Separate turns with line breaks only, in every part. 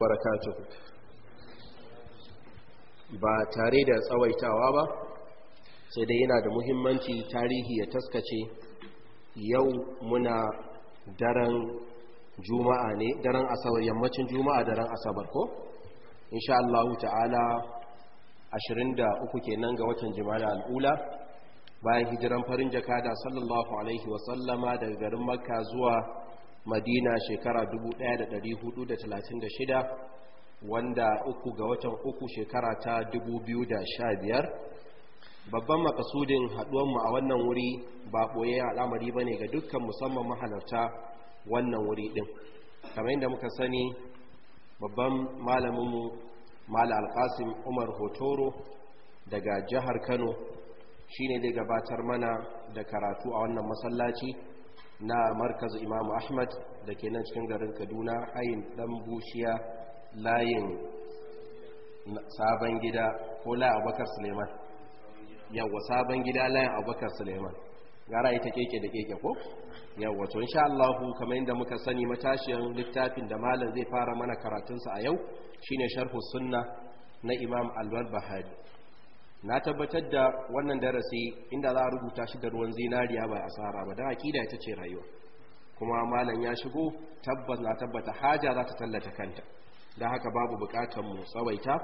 barakatuhu ba tare da tsawaitawa ba sai dai yana da muhimmanci tarihi ya taskace yau muna daren juma'a ne daren asabar yammacin juma'a daren asabar ko insha Allah ta'ala 23 kenan ga watan jimala al'ula bayan hijiran farin jakada sallallahu alaihi wasallama daga garin makka zuwa madina shekara 1436 wanda uku ga watan uku shekara ta 2015 babban makasudin haduwanmu a wannan wuri ba ɓoye al'amari ba ne ga dukkan musamman mahalarta wannan wuri ɗin kamar yadda muka sani babban malaminmu mala alkasim umar hotoro daga jihar kano shine dai gabatar mana da karatu a wannan masallaci na markazin imamu ahmad da ke nan cikin garin kaduna hayin dan bushiya layin sabon gida ko layin abubakar suleiman yawwa sabon gida layin abubakar suleiman gara ita keke da keke ko yawwa to insha Allah kamar yadda muka sani matashiyan littafin da malam zai fara mana karatunsa a yau shine sharhu sunna na imam alwal bahari na tabbatar da wannan darasi inda za a rubuta shi da ruwan zinariya ba asara ba don akida ita ce rayuwa kuma malam ya shigo tabbas na tabbata haja za ta tallata kanta don haka babu bukatar mu tsawaita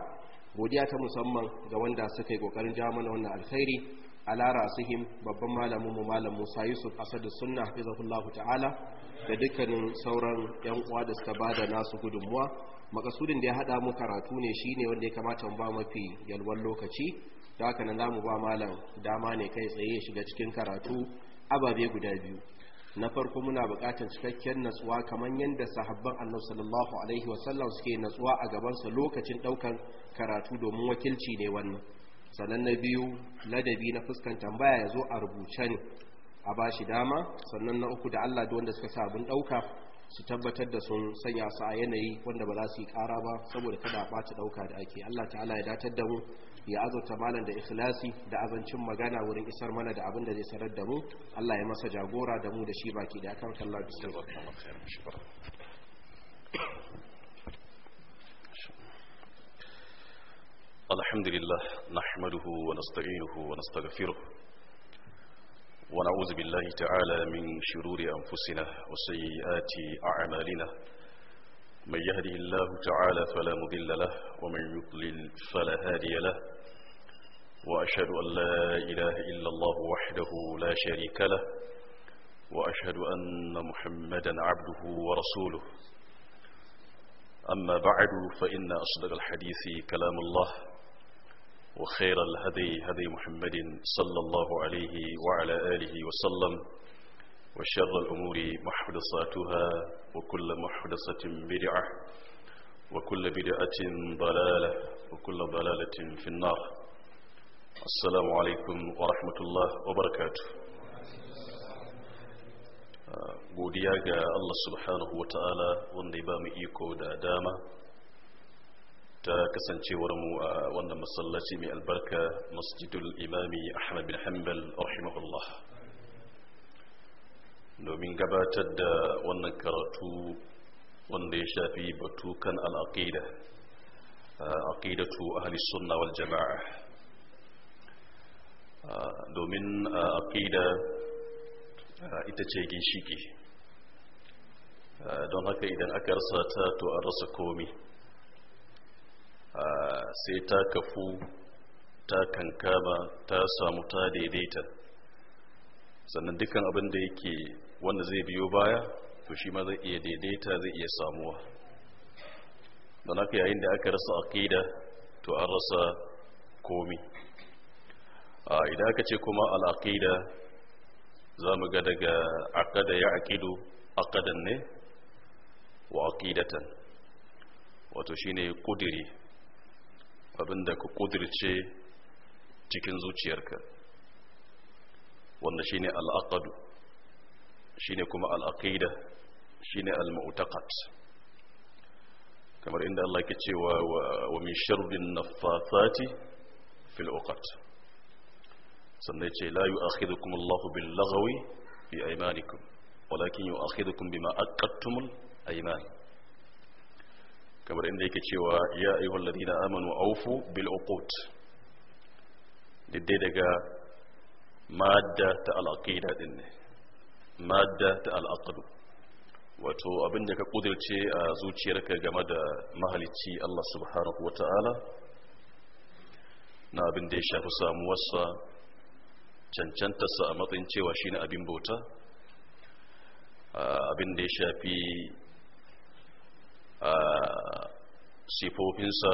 godiya ta musamman ga wanda suka yi kokarin ja mana wannan alkhairi ala rasihim babban malamin mu malam Musa Yusuf Asadu Sunna hafizahullahu ta'ala da dukkanin sauran yan uwa da suka bada nasu gudunmuwa makasudin da ya hada mu karatu ne shine wanda ya kamata mu ba mafi yalwan lokaci da haka nan zamu ba malam dama ne kai tsaye shiga cikin karatu ababe guda biyu na farko muna bukatar cikakken natsuwa kamar yadda sahabban annabi sallallahu alaihi wasallam suke natsuwa a gaban sa lokacin ɗaukar karatu domin wakilci ne wannan sannan na biyu ladabi na fuskan tambaya ya zo a rubuce ne a ba dama sannan na uku da Allah da wanda suka sa abin ɗauka su tabbatar da sun sanya su a yanayi wanda ba za su yi kara ba saboda kada a ɓata ɗauka da ake Allah ta'ala ya datar da mu ya azurta malam da ikhlasi da azancin magana wurin isar mana da abin da zai sanar da mu Allah ya masa jagora da mu da shi baki da kan Allah
Alhamdulillah nahmaduhu wa nasta'inuhu wa nastaghfiruh wa na'udhu billahi ta'ala min shururi anfusina wa sayyiati a'malina من يهده الله تعالى فلا مضل له ومن يضلل فلا هادي له وأشهد أن لا إله إلا الله وحده لا شريك له وأشهد أن محمدا عبده ورسوله أما بعد فإن أصدق الحديث كلام الله وخير الهدي هدي محمد صلى الله عليه وعلى آله وسلم وشر الأمور محدثاتها وكل محدثة بدعة وكل بدعة ضلالة وكل ضلالة في النار السلام wa rahmatulah wa وبركاته godiya ga Allah subhanahu wa ta'ala wanda ya ba mu iko da dama ta kasancewar mu a wannan masallaci mai albarka masjidul imami Ahmad bin Hanbal rahimahullah domin gabatar da wannan karatu wanda ya shafi batukan al'aqida aqidatu ahli sunna wal jama'a domin uh, aqida uh, ita ce ginshiki uh, don haka idan aka rasa ta to an rasa komi sai ta kafu ta kankama ta samu ta daidaita sannan dukkan abin da yake wanda zai biyo baya to shi ma zai iya daidaita zai iya samuwa don haka yayin da aka rasa aqida to an rasa komi idan aka ce kuma al'aqida za mu ga daga aqada ya aqidu aƙadan ne wa aqidatan wato shine ƙudiri abinda ka kudirce cikin zuciyarka wanda al'aƙadu shi shine kuma al'aqida shine al-mu'taqad kamar inda Allah ke cewa wa min sharrin nafathati fil سنيت لا يؤاخذكم الله باللغو في أيمانكم ولكن يؤاخذكم بما أكدتم الأيمان كما عندك شوى يا أيها الذين آمنوا أوفوا بالعقود لديدك مادة العقيدة مادة العقد وتو abin da ka kudirce a zuciyarka game الله سبحانه وتعالى subhanahu wa ta'ala na abin cancantarsa a matsayin cewa shine abin bauta ah, abin da ya shafi ah, sifofinsa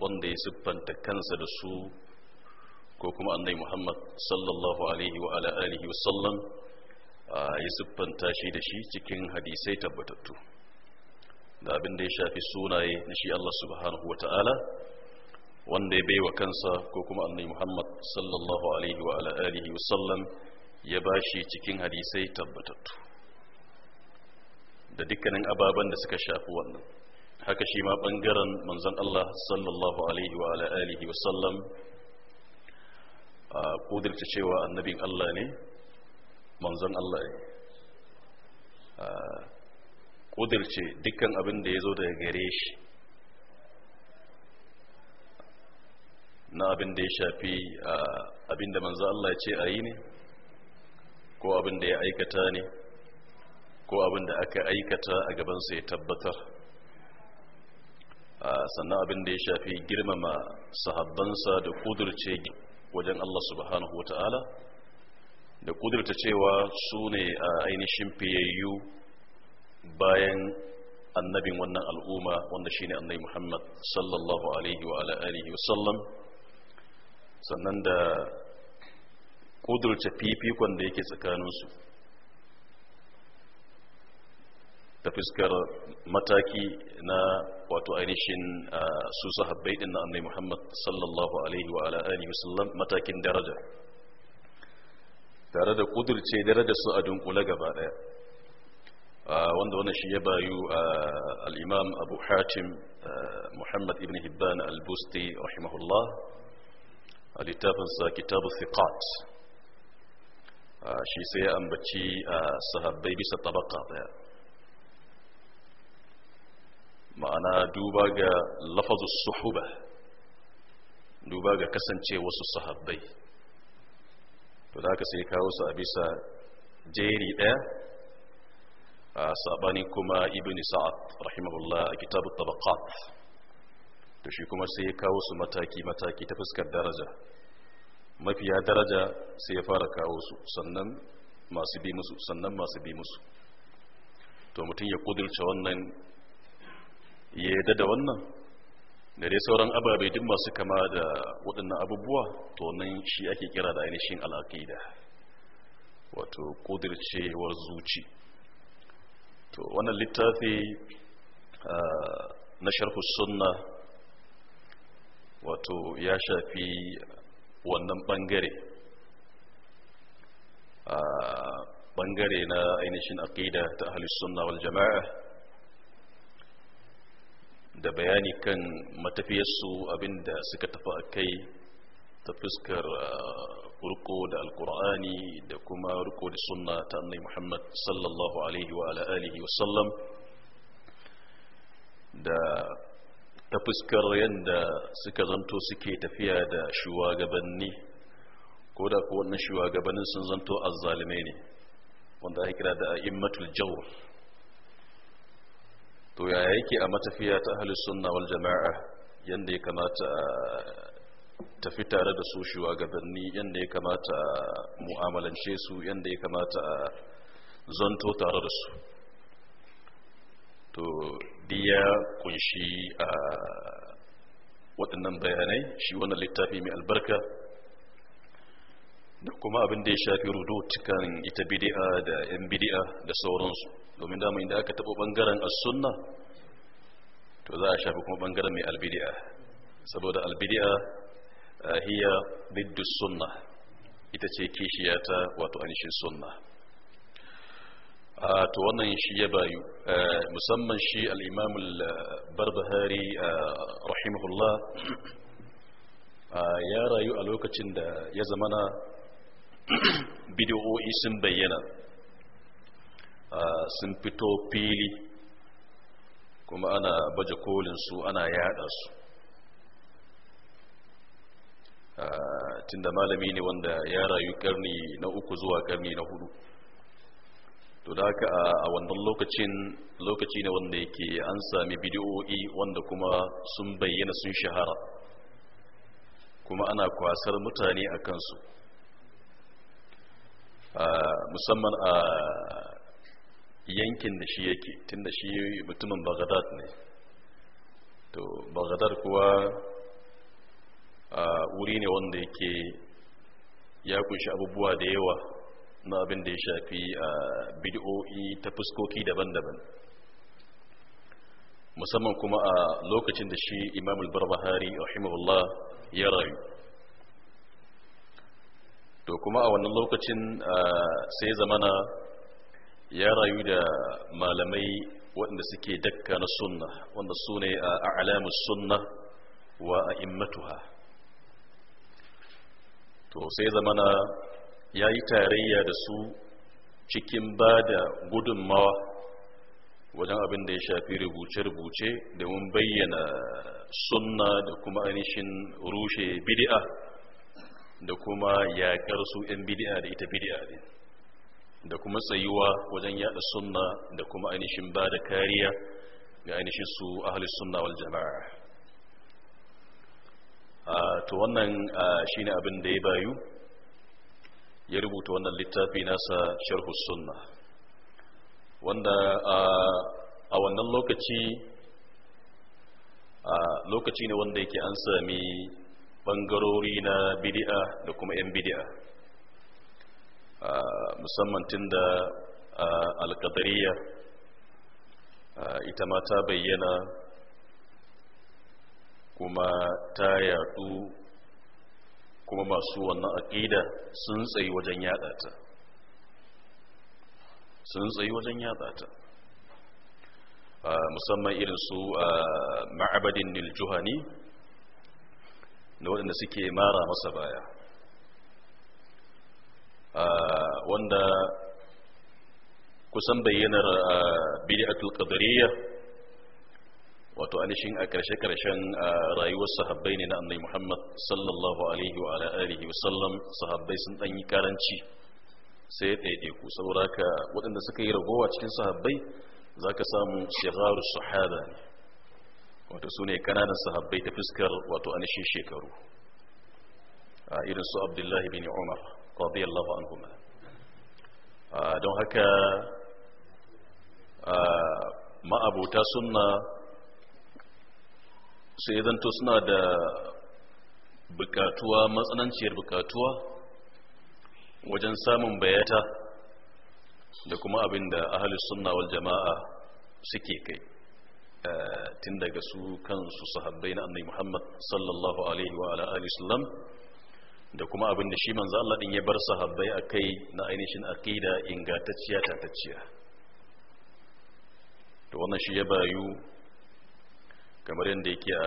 wanda ya siffanta kansa da su ko kuma annai muhammad sallallahu alaihi wa alihi wasallam ah, ya siffanta shi da shi cikin hadisai tabbatattu da abin da ya shafi sunaye na shi allah subhanahu wa ta'ala wanda ya baiwa kansa ko kuma annabi Muhammad sallallahu alaihi wa ala alihi wa sallam ya bashi cikin hadisai tabbatattu da dukkanin ababen da suka shafi wannan haka shi ma bangaren manzon Allah sallallahu alaihi wa ala alihi wa sallam a kudirce cewa annabin Allah ne manzon Allah ne kudirce dukkan abin da ya zo daga gare shi na abin da ya shafi abin da manzo Allah ya ce a yi ne ko abin da ya aikata ne ko abin da aka aikata a gabansa ya tabbatar sannan abin da ya shafi girmama sahabbansa da kudurce wajen Allah subhanahu wata'ala da kudurta cewa su ne a ainihin fiyayyu bayan annabin wannan al'umma wanda shine annabi Muhammad sallallahu alaihi wa alihi wa sallam sannan da ƙudurce fifikon da yake tsakaninsu ta fuskar mataki na wato ainihin su sahabbai din na annai muhammad sallallahu alaihi wa ala'ani musallam matakin daraja tare da daraja su a dunkula gaba ɗaya wanda wani shi ya bayu al'imam abu hatim muhammad ibn hibban al-busti rahimahullah a sa kitabu thiqat shi sai ya ambaci sahabbai bisa tabaka daya ma'ana duba ga lafazu suhuba duba ga kasance wasu sahabbai to da sai kawo su a bisa jeri daya a sabani kuma ibn sa'ad rahimahullah a kitabu tabaqat to shi kuma sai ya kawo su mataki-mataki ta fuskar daraja mafiya daraja sai ya fara kawo su sannan masu bi musu sannan masu bi musu to mutum ya kudurce wannan ya yada da wannan da dai sauran ababe duk masu kama da waɗannan abubuwa to nan shi ake kira da ainihin al'aƙida wato kudurcewar zuci to wannan littafi ah, na sharhu sunna wato ya shafi wannan bangare a bangare na ainihin aqida ta ahlus sunna wal jama'a da bayani kan matafiyarsu abinda suka tafi akai ta fuskar riko da alkur'ani da kuma riko da sunna ta annai muhammad sallallahu alaihi wa alihi wasallam da ta fuskar yadda suka zanto suke tafiya da shugabanni ko da ko wannan shugabannin sun zanto azzalume ne wanda ake kira da immatul jawr to yaya yake a matafiya ta ahlus sunna wal jama'a yanda ya kamata tafi tare da su shugabanni yanda ya kamata mu'amalance su yanda ya kamata zanto tare da su to ya kunshi a waɗannan bayanai shi wannan littafi mai albarka da kuma abin da ya shafi rudu cikin ita bidi'a da 'yan bidi'a da sauransu domin dama inda aka taɓa ɓangaren sunna to za a shafi kuma ɓangaren mai albidi'a saboda albidi'a hiya biddu sunna ita ce kishiyata wato anishin sunna to wannan shi ya bayu musamman shi al-imam al-barbahari rahimahullah ya rayu a lokacin da ya zamana bidiyo'i sun bayyana sun fito fili kuma ana baje kolin su ana yada su tunda malami ne wanda ya rayu karni na uku zuwa karni na hudu to da haka a wannan lokacin lokaci ne wanda yake an sami bidiyoyi wanda kuma sun bayyana sun shahara kuma ana kwasar mutane a kansu musamman a yankin da shi yake tun da shi mutumin bagadad ne to bagadad kuwa wuri ne wanda yake ya kunshi abubuwa da yawa na abin da ya shafi bid'o'i ta fuskoki daban-daban musamman kuma a lokacin da shi imam al-barbahari rahimahullah ya rayu to kuma a wannan lokacin sai zamana ya rayu da malamai waɗanda suke dakka na sunna wanda su ne a alamus sunna wa a immatuha to sai zamana ya yi tarayya da su cikin ba da gudunmawa wajen abin da ya shafi rubuce-rubuce domin bayyana sunna da kuma ainihin rushe bidi'a da kuma yaƙar su 'yan bidi'a da ita bidi'a ne da kuma tsayuwa wajen yaɗa sunna da kuma ainihin ba da kariya ga ainihin su ahalis sunna wal jama'a to wannan shi ne abin da ya bayu ya rubuta wannan littafi nasa sharhu sunna wanda a wannan lokaci lokaci ne wanda yake an sami bangarori na bidi'a da kuma 'yan bidi'a musamman tun da alkadariya ita ma ta bayyana kuma ta yadu kuma masu wannan aƙida sun tsayi wajen yada ta sun tsayi wajen yada ta ah, musamman irin su ah, ma'abadin niljuhani da waɗanda suke mara masa baya ah, wanda kusan bayyanar bid'atul qadariyya wato alishin a karshe-karshen rayuwar sahabbai ne na annai muhammad sallallahu alaihi wa alaihi wa sallam sahabbai sun ɗanyi karanci sai ya ɗaiɗe ku saboda ka waɗanda suka yi ragowa cikin sahabbai za ka samu shigaru sahaba ne wato su ne kananan sahabbai ta fuskar wato alishin shekaru a irin su abdullahi bin umar radiyallahu anhu don haka ma'abuta sunna sai zanto suna da bukatuwa matsananciyar bukatuwa wajen samun bayata da kuma abin da ahalus sunna jama'a suke kai eh, tun daga su kansu sahabbai na annabi Muhammad sallallahu alaihi wa da kuma abin da shi manzo Allah din ya bar sahabbai akai na ainihin aqida ingantacciya tatacciya to wannan shi ya bayu kamar yadda yake a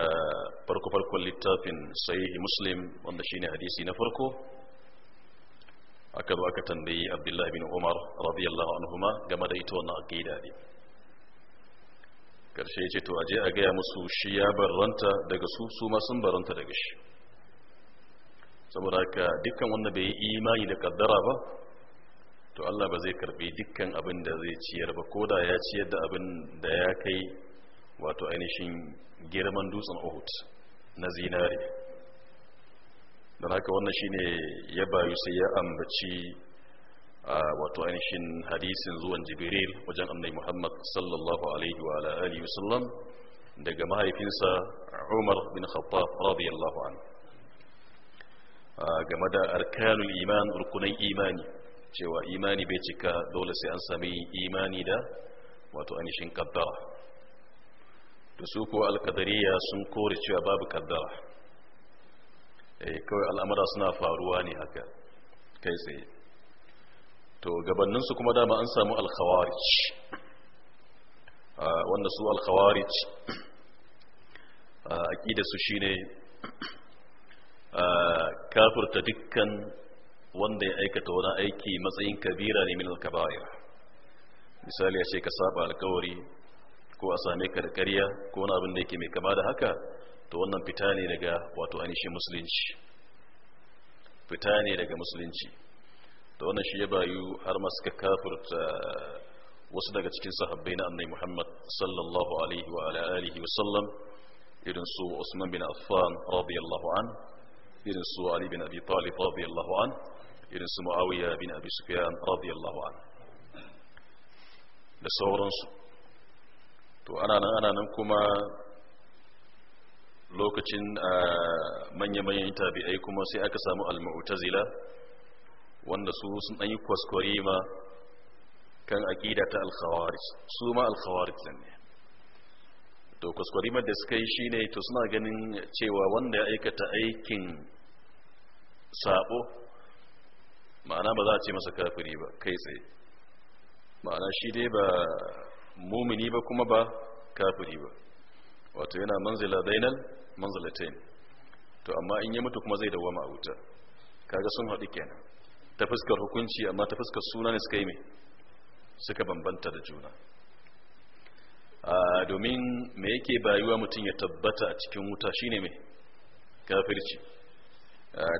farko-farkon littafin sahihi muslim wanda shine hadisi na farko aka zo aka tambayi abdullahi bin umar radiyallahu anhuma game da ita wannan aqida ne karshe ce to aje a gaya musu shi ya barranta daga su su ma sun barranta daga shi saboda haka dukkan wanda bai yi imani da kaddara ba to Allah ba zai karbi dukkan abin da zai ciyar ba ko da ya ciyar da abin da ya kai wato ainihin girman dutsen uhud na zinare don haka wannan shine ya bayu sai ya ambaci wato ainihin hadisin zuwan jibril wajen annai muhammad sallallahu alaihi wa alihi wasallam daga mahaifinsa umar bin khattab radiyallahu an game da arkanul iman rukunan imani cewa imani bai cika dole sai an sami imani da wato ainihin kaddara Da su kuwa alkadariya sun kore cewa babu kaddara eh, kawai al'amura suna faruwa ne haka kai tsaye to gabaninsu kuma dama an samu alkhawarij ah, wanda su alkhawarij aƙida ah, su shine ah, kafurta dukkan wanda ya aikata wani aiki matsayin kabira ne min alkabayar misali ya ce ka saba alkawari ko a same ka da ƙarya ko wani abin da yake mai kama da haka to wannan fita ne daga wato ainihin musulunci fita ne daga musulunci to wannan shi ya bayu har ma suka kafirta eh, wasu daga cikin sahabbai na annabi Muhammad sallallahu alaihi wa alaihi wa sallam irin su Usman bin Affan radiyallahu an irin su Ali bin Abi Talib radiyallahu an irin su Muawiya bin Abi Sufyan radiyallahu an da sauransu to ana nan ana nan kuma lokacin manya-manyan tabi'ai kuma sai aka samu al-mu'tazila wanda su sun ɗanyi kwaskwari ma kan aƙida ta al-khawarij su ma al-khawarij ne to kwaskwari ma da suka yi shi ne to suna ganin cewa wanda ya aikata aikin sabo ma'ana ba za a ce masa kafiri ba kai tsaye ma'ana shi dai ba mumini ba kuma ba kafiri ba wato yana manzila bainal manzilatain to amma in ya mutu kuma zai dawama a wuta kaga sun haɗu kenan ta fuskar hukunci amma ta fuskar suna ne suka yi mai suka bambanta da juna domin me yake bayuwa mutum ya tabbata a cikin wuta shine mai kafirci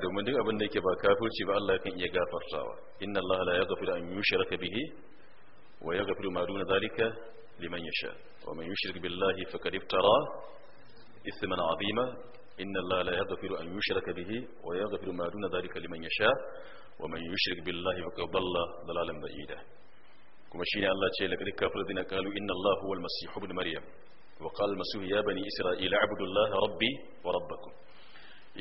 domin duk abin da yake ba kafirci ba Allah kan iya gafartawa inna Allah la yaghfiru an yushraka bihi ويغفر ما دون ذلك لمن يشاء ومن يشرك بالله فقد افترى إثما عظيما إن الله لا يغفر أن يشرك به ويغفر ما دون ذلك لمن يشاء ومن يشرك بالله فقد ضل ضلالا بعيدا كما شيني الله تعالى لقد كفر الذين قالوا إن الله هو المسيح ابن مريم وقال المسيح يا بني إسرائيل اعبدوا الله ربي وربكم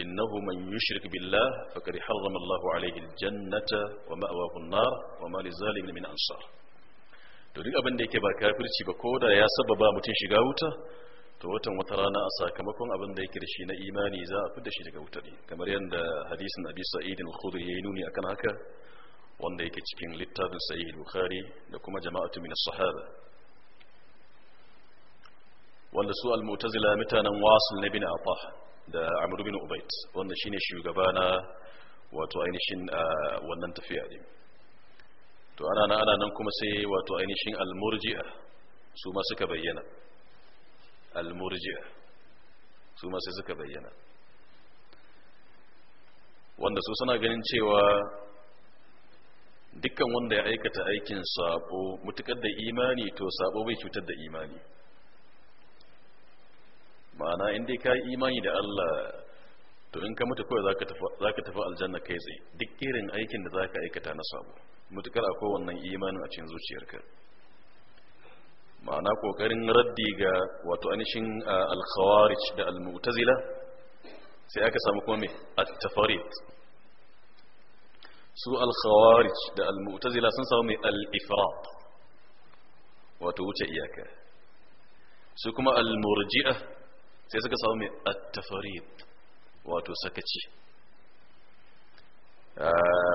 إنه من يشرك بالله فقد حرم الله عليه الجنة ومأواه النار وما لزال من أنصار to duk abin da yake ba kafirci ba ko da ya sababa mutum shiga wuta to watan wata rana a sakamakon abin da yake da shi na imani za a fi da shi daga wutar kamar yadda hadisin abi sa'idin al ya yi nuni akan haka wanda yake cikin littafin sahih bukhari da kuma jama'atu min as-sahaba wanda su al-mu'tazila mutanen wasil na bin afa da amr bin ubayt wanda shine shugaba na wato ainihin ah, wannan tafiya din to ana nan ana nan kuma sai wato ainihin almurji'a su ma suka bayyana almurji'a su ma sai suka bayyana wanda su suna ganin cewa dukkan wanda ya aikata aikin sabo mutukar da imani to sabo bai cutar da imani ma'ana in dai ka yi imani da Allah to in ka mutu kawai za ka tafi aljanna kai tsaye duk irin aikin da za ka aikata na sabo mutukar akwai wannan imanin a cikin zuciyarka ma'ana kokarin raddi ga wato anishin al-khawarij da al sai aka samu kuma mai at-tafarit su al da al sun samu mai al-ifrat wato wuce iyaka su kuma almurji'a sai suka samu mai at-tafarit wato sakaci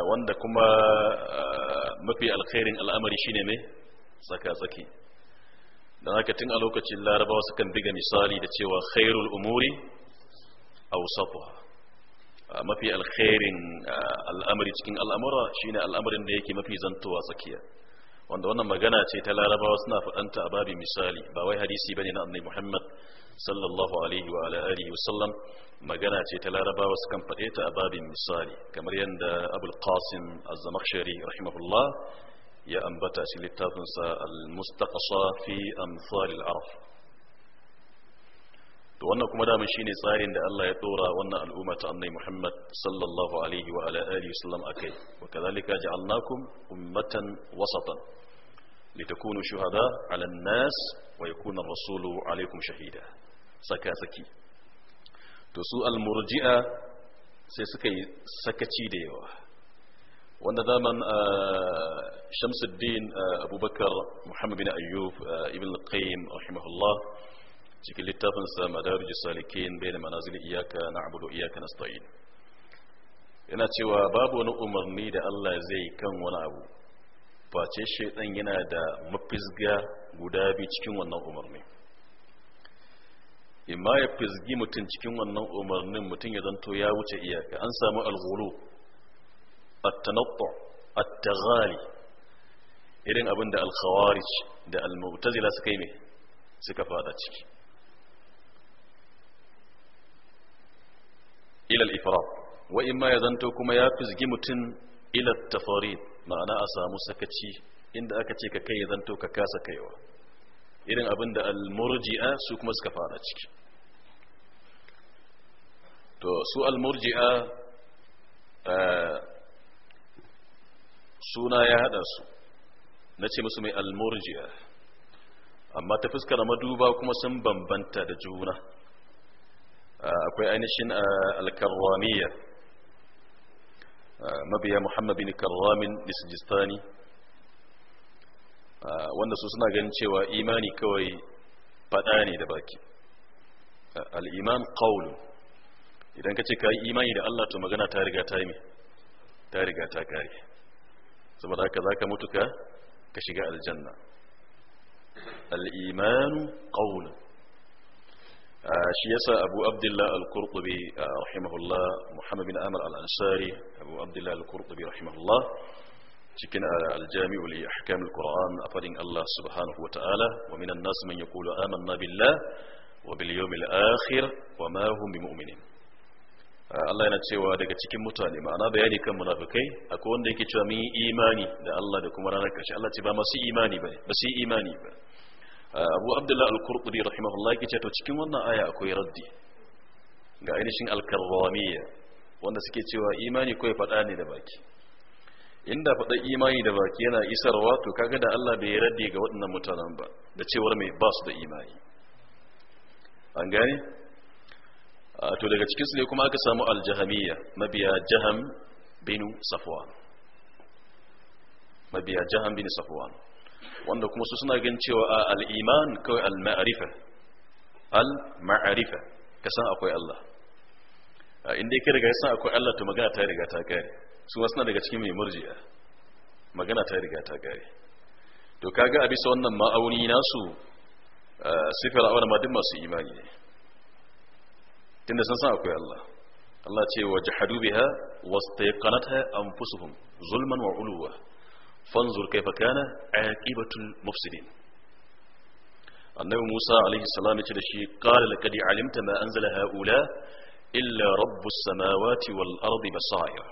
wanda kuma mafi alkhairin al'amari shine mai tsaka-tsaki da haka tun a lokacin larabawa sukan diga misali da cewa khairul umuri a mafi alkhairin al'amari cikin al'amura shine al'amarin da yake mafi zantowa tsakiya wanda wannan magana ce ta larabawa suna faɗanta a babi misali ba wai hadisi bane na annabi muhammad sallallahu alaihi wa ala alihi wa sallam magana ce ta larabawa sukan faɗe ta a babin misali kamar yadda abul qasim az-zamakhshari rahimahullah ya ambata shi littafinsa al-mustaqasa fi amsal al-arab to wannan kuma damin shine tsarin da Allah ya dora wannan al'umma ta annabi Muhammad sallallahu alaihi wa ala alihi wa sallam akai wa kadhalika ja'alnakum ummatan wasatan لتكونوا شهداء على الناس ويكون الرسول عليكم شهيدا Saka saki to su almurji'a sai suka yi sakaci da yawa wanda zaman ah, shamsuddin ah, abubakar Muhammadu bin ayyub ah, ibn qayyim rahimahullah cikin littafinsa madarijus salikin da manazilin iyaka na abudu iyaka nasta'in yana cewa babu wani umarni da Allah zai kan wani abu face shaidan yana da mafisga guda biyu cikin wannan umarni imma ya fizgi mutum cikin wannan umarnin mutum ya zanto ya wuce iyaka an samu alghulu at-tanattu at-taghali irin abin da al-khawarij da al-mu'tazila suka yi me suka fada ciki ila al-ifrat wa imma ya zanto kuma ya fizgi mutum ila at-tafarid ma'ana a samu sakaci inda aka ce ka kai ya zanto ka kasa kaiwa irin abin da al-murji'a su kuma suka fara ciki to su al-murji'a eh, suna ya hada su na ce musu mai al-murji'a amma ta fuskar maduba kuma sun bambanta da juna eh, akwai ainihin eh, al mabiya muhammad bin karramin Ah, wanda su suna ganin cewa imani kawai fada ne da baki ah, al'iman ƙaunu idan ka ce ka yi imani da Allah to magana ta riga ta yi ta riga ta kare saboda haka za ka mutu ka ka shiga aljanna al'imanu ƙaunu ah, shi yasa abu abdullah al-kurkubi rahimahullah muhammad bin amur al-ansari abu abdullah al-kurkubi rahimahullah cikin eh, aljami'ul ahkamul qur'an a fadin Allah subhanahu wa ta'ala wa minan nas man yaqulu amanna billah wa bil akhir wa ma hum bimu'minin eh, Allah yana cewa daga cikin mutane ma'ana bayani kan munafikai akwai wanda yake cewa mun yi imani da Allah da kuma ranar karshe Allah ce ba masu imani bane ba su imani ba eh, Abu Abdullah al-Qurtubi rahimahullah yake cewa to cikin wannan aya akwai raddi ga ainihin al-karramiyya wanda suke cewa imani kawai fada ne da baki inda faɗa imani da baki yana isarwa to kaga da Allah bai raddi ga waɗannan mutanen ba da cewar mai ba su da imani an gane to daga cikin su ne kuma aka samu aljahamiyya mabiya jaham bin safwan mabiya jaham bin safwan wanda kuma su suna gan cewa al-iman kawai al-ma'rifa al-ma'rifa ka san akwai Allah inda dai ka riga san akwai Allah to magana ta riga ta kare su wasu na daga cikin mai murjiya magana ta riga ta gare to kaga a bisa wannan ma'auni nasu sifir aure ma duk masu imani ne tunda san san akwai Allah Allah ce wa jahadu biha wastayqanatha anfusuhum zulman wa uluwa fanzur kayfa kana aqibatul mufsidin annabi Musa alaihi salam ya ce da shi qala laqad alimta ma anzala haula illa rabbus samawati wal ardi basair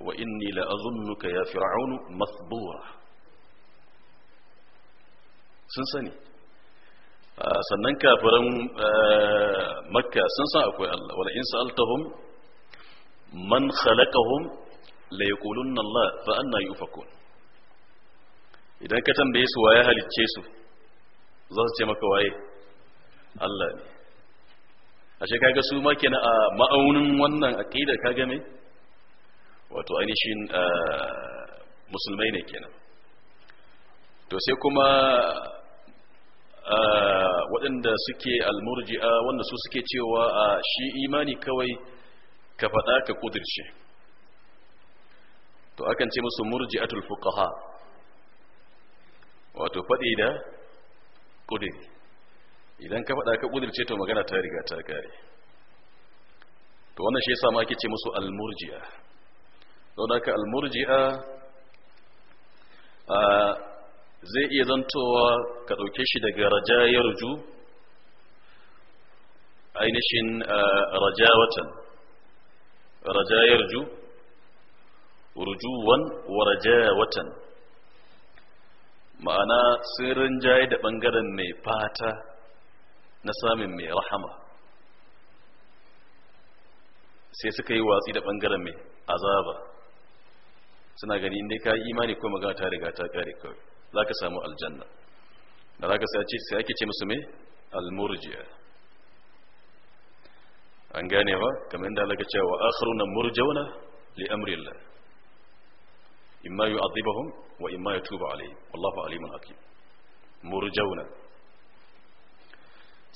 wa inni la azunnuka ya fir'aunu masbura sun sani ah, sannan kafiran ah, makka sun san akwai Allah wala in sa'altahum man khalaqahum la yaqulunna Allah fa anna yufakun idan ka tambaye su waye halicce su za su ce maka waye Allah ne ashe kaga su makina a ma'aunin wannan aqida kaga me wato ainihin eh, musulmai ne kenan to sai kuma eh, waɗanda suke almurji'a wanda su suke cewa a shi imani kawai ka faɗa ka kudirce to akan ce musu murji'atul fuqaha wato faɗi da kudiri idan ka faɗa ka kudirce to magana ta riga ta kare to wannan shi yasa ma ake ce musu almurji'a saudaka almurji'a zai iya zantowa ka ɗauke shi daga raja ya ruju ainihin raja watan raja ya ruju rujuwan wa raja watan ma'ana sirrin jaye da ɓangaren mai fata na samun mai rahama sai suka yi watsi da ɓangaren mai azaba suna gani inda ka yi imani ko magana ta riga ta kare kawai za ka samu aljanna da za ka sai ake ce musu me almurjiya an gane ba kamar inda alaka cewa akharuna murjauna li amri amrillah imma yu'adhibuhum wa imma yatubu alayhim wallahu alimun hakim murjauna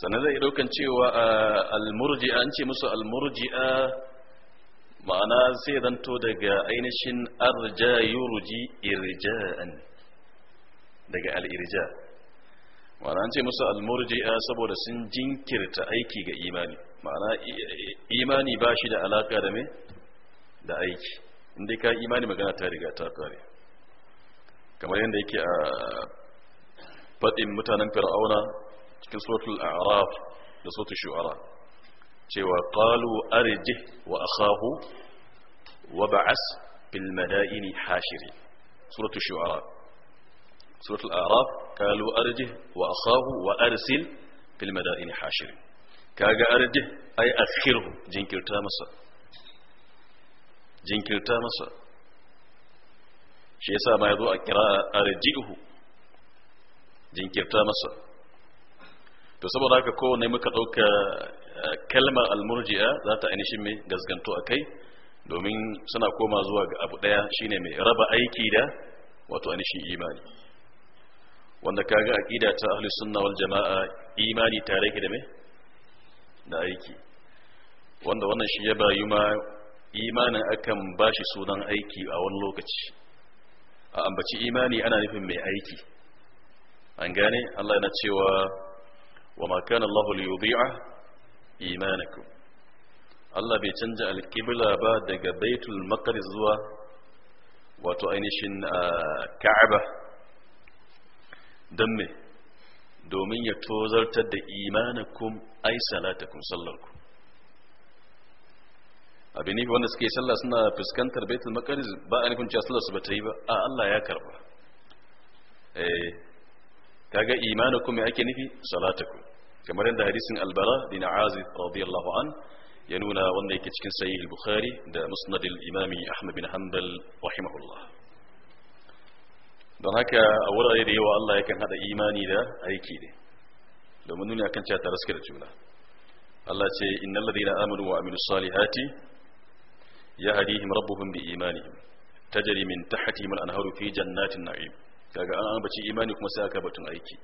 sannan zai daukan cewa ah, almurji'a an ce musu almurji'a ma'ana sai zanto daga ainihin arja yurji irja'an daga al'irja ma'ana an ce musu almurji'a saboda sun jinkirta aiki ga imani ma'ana imani ba shi da alaka da me da aiki inda ka imani magana ta riga ta kare kamar yadda yake a faɗin mutanen fir'auna cikin suratul a'raf da suratul shu'ara قالوا أرجه وأخاه وبعث بالمدائن حاشري سورة الشعراء سورة الأعراف قالوا أرجه وأخاه وأرسل بالمدائن حاشري كاغا أرجه أي أخره جنكر تامسا جنكر تامسا شيسا ما يدو أكراء أرجئه جنكر تامسا بسبب ذلك كو نمك kalmar almurji'a za ta ainihin mai gaskanto a kai domin suna koma zuwa ga abu ɗaya shine mai raba aiki da wato ainihin imani wanda kaga aqida ta ahli sunna wal jama'a imani tare da me da aiki wanda wannan shi ya bayu ma imanin akan bashi sunan aiki a wani lokaci a ambaci imani ana nufin mai aiki an gane Allah yana cewa wa ma kana Allahu imanakum Allah bai canja alƙibla ba daga baitul maqdis zuwa wato ainihin ah, ka'aba don me domin ya tozartar da imanakum ai salatakum sallarku abin nufi wanda suke sallah suna fuskantar baitul maqdis ba a nufin cewa sallar su ba ta yi ba a Allah ya karba eh kaga imanakum me ake nufi salatakum kamar yadda hadisin albara din azib radiyallahu an ya nuna wanda yake cikin sahih al-bukhari da musnad al-imami ahmad bin hanbal rahimahullah don haka a wurare da yawa Allah yakan hada imani da aiki ne domin nuna kan cewa tare suke da juna Allah ce innal ladina amanu wa amilus salihati yahdihim rabbuhum bi imanihim tajri min tahtihim al-anharu fi jannatin na'im kaga an ambaci imani kuma sai aka batun aiki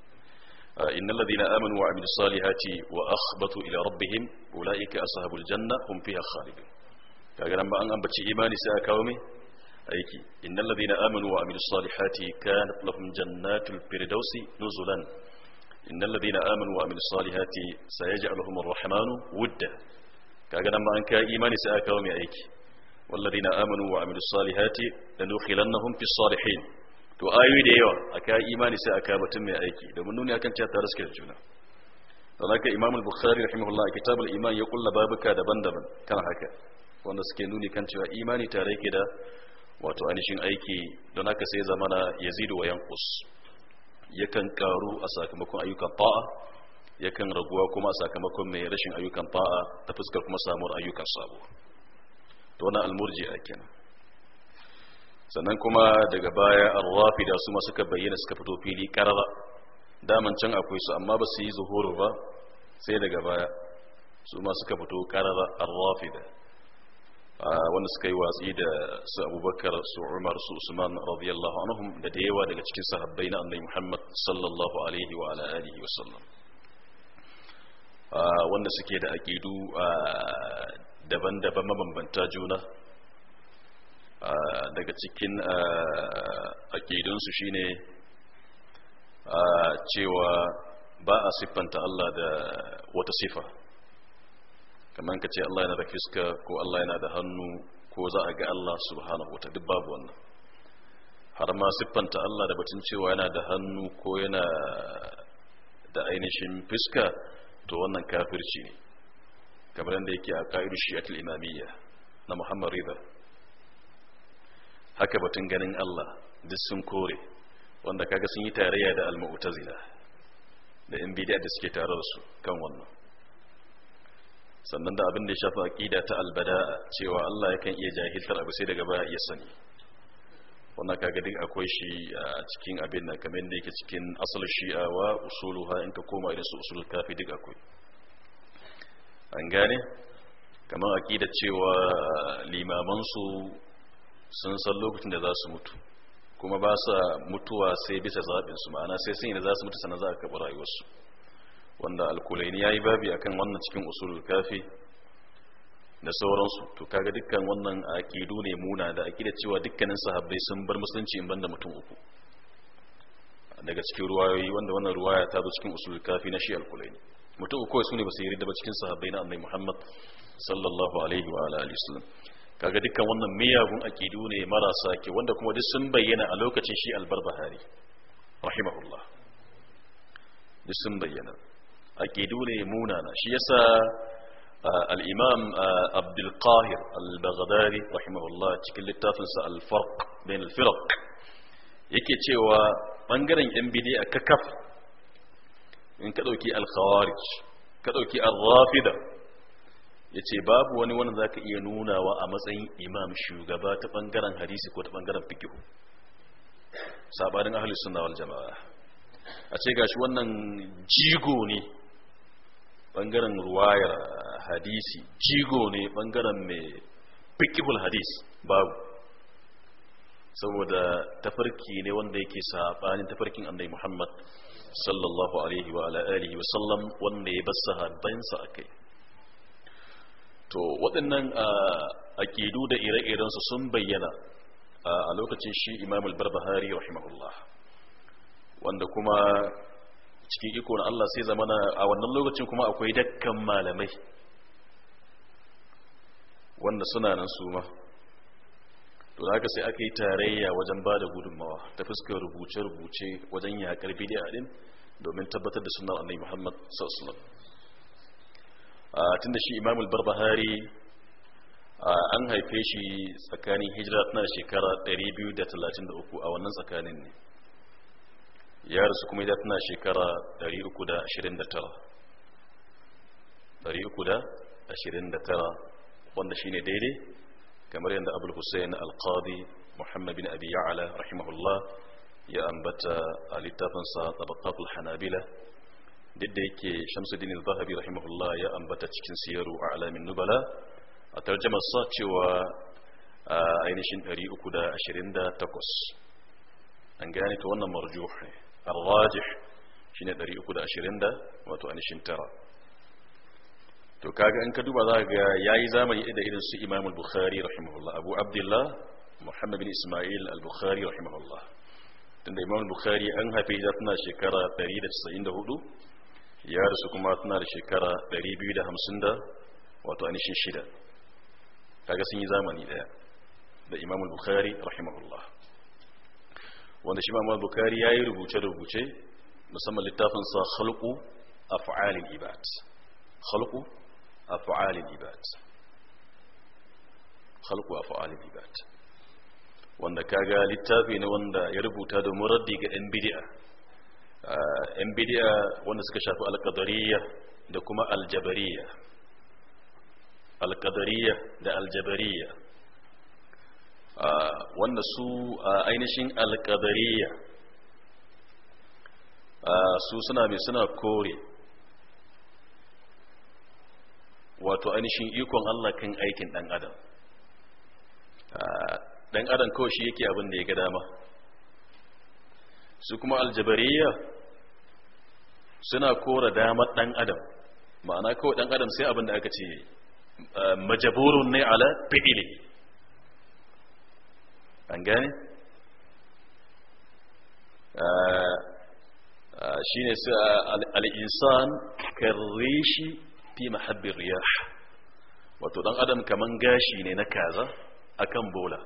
آه، إن الذين آمنوا وعملوا الصالحات وأخبطوا إلى ربهم أولئك أصحاب الجنة هم فيها خالدون كأجل ما أن أنبتش إيماني سأكاومي أيكي إن الذين آمنوا وعملوا الصالحات كانت لهم جنات الفردوس نزلا إن الذين آمنوا وعملوا الصالحات سيجعلهم الرحمن ودا كأجل ما أنك إيماني سأكاومي أيكي والذين آمنوا وعملوا الصالحات لندخلنهم في الصالحين to ayoyi da yawa a kayan imani sai a kayan mutum mai aiki domin nuni akan cewa tare suke da juna don haka imam al-bukhari rahimahullah a kitab iman ya kulla babuka daban-daban kan haka wanda suke nuni kan cewa imani tare yake da wato ainihin aiki don haka sai zamana yazidu wa yanqus yakan karu a sakamakon ayyukan ta'a yakan raguwa kuma a sakamakon mai rashin ayyukan ta'a ta fuskar kuma samuwar ayyukan sabo to wannan al-murji'a kenan sannan kuma daga baya ar-rafida su ma ka bayyana suka fito fili karara daman can akwai su amma ba su yi zuhuru ba sai daga baya su ma ka fito karara ar-rafida wanda suka yi watsi da su abubakar su umar su usman radiyallahu anhum da da yawa daga cikin sahabbai na annabi muhammad sallallahu alaihi wa alihi wa sallam wanda suke da aqidu daban-daban mabambanta juna Ah, daga cikin ah, shi shine ah, cewa ba a siffanta Allah da wata sifa kamar ka ce Allah yana da fiska ko Allah yana da hannu ko za a ga Allah subhanahu wata duk babu wannan har ma siffanta Allah da batun cewa yana da hannu ko yana da ainihin fiska to wannan kafirci ne kamar yadda yake a ka'idu shi'atul imamiyya na Muhammad Ridha haka batun ganin Allah duk sun kore wanda kaga sun yi tarayya da al-mu'tazila da in bid'a da suke tare da su kan wannan sannan da abin da ya shafa aqida ta al-bada'a cewa Allah yakan iya jahiltar abu sai daga baya ya sani wannan kaga duk akwai shi a cikin abin nan kamar da yake cikin asal shi'a wa usuluha in ka koma irin su usul kafi duk akwai an gane kamar aqida cewa limaman sun san lokacin da za su mutu kuma ba sa mutuwa sai bisa zaɓinsu ma'ana sai sun yi da za su mutu sannan za a kaɓa rayuwarsu wanda alkulaini ya yi babi akan wannan cikin usul kafi da sauransu to kaga dukkan wannan aƙidu ne muna da aqida cewa dukkanin sahabbai sun bar musulunci in banda mutum uku daga cikin ruwayoyi wanda wannan ruwaya ta zo cikin usul kafi na shi al ne. mutum uku su ne ba su yi ba cikin sahabbai na annabi Muhammad sallallahu alaihi wa alihi wasallam kaga dukkan wannan miyagun aƙidu ne marasa ke wanda kuma duk sun bayyana a lokacin shi albarbahari rahimahullah duk sun bayyana akidu ne munana shi yasa al-imam abdul qahir al-baghdadi rahimahullah cikin littafinsa al-farq bain al-firq yake cewa bangaren yan bidi'a kakaf in ka dauki al-khawarij ka dauki Arrafida. rafida ya ce babu wani wani za ka iya nunawa a matsayin imam shugaba ta ɓangaren hadisi ko ta ɓangaren fikihu sabanin ahli suna wani jama'a a ce gashi wannan jigo ne ɓangaren ruwayar hadisi jigo ne ɓangaren mai fikihul hadis babu saboda tafarki ne wanda yake sabanin tafarkin annabi muhammad sallallahu alaihi wa alihi wa sallam wanda ya bar sahabbansa kai. to waɗannan ah, aƙidu da ire-irensu sun bayyana ah, a lokacin shi imamul barbahari rahimahullah wanda kuma cikin iko na Allah sai zamana a wannan lokacin kuma akwai dakkan malamai wanda suna nan su ma to haka sai aka yi tarayya wajen ba da gudunmawa ta fuskar rubuce-rubuce wajen yaƙar bidiyar din domin tabbatar da sunan annabi Muhammad sallallahu Ah, tun da shi imam al-barbahari ah, an haife shi tsakanin hijira tana shekara 233 a wannan tsakanin ne ya rasu kuma hijira tana shekara 329 329 wanda shi ne daidai kamar yadda abul hussein al-qadi muhammad bin abi ya'ala rahimahullah ya ambata a littafinsa tabaqatul hanabila duk da yake shamsuddin zahabi rahimahullah ya ambata cikin siyaru a alamin nubala a tarjamar sa cewa a ainihin 328 an gane ta wannan marjuh ne al-rajih shine 320 wato ainihin tara to kaga in ka duba za ga yayi zamani da irin su Imam al-Bukhari rahimahullah Abu Abdullah Muhammad bin Ismail al-Bukhari rahimahullah tunda Imam al-Bukhari an hafi da tana shekara 194 ya rasu kuma tana da shekara 250 da wato shi shida kaga sun yi zamani daya da imam al-bukhari rahimahullah wanda shi imam al-bukhari yi rubuce-rubuce musamman littafin sa khalqu af'alil ibad khalqu af'alil ibad khalqu af'alil ibad wanda kaga littafi ne wanda ya rubuta da muraddi ga yan bid'a yan bidiya wanda suka shafi alkadariya da kuma aljabariya alkadariya da aljabariya ah, wanda su ah, ainihin alkadariya ah, su suna mai suna kore wato ainihin ikon Allah kan aikin dan adam dan adam kawai shi yake abin da ya ga dama su kuma aljabariya suna kora damar dan adam ma'ana kawai dan adam sai abin da aka ce majaburun ne ala fi'ili an gane shi ne su al'insan karreshi fi mahabbin riyah wato dan adam kaman gashi ne na kaza akan bola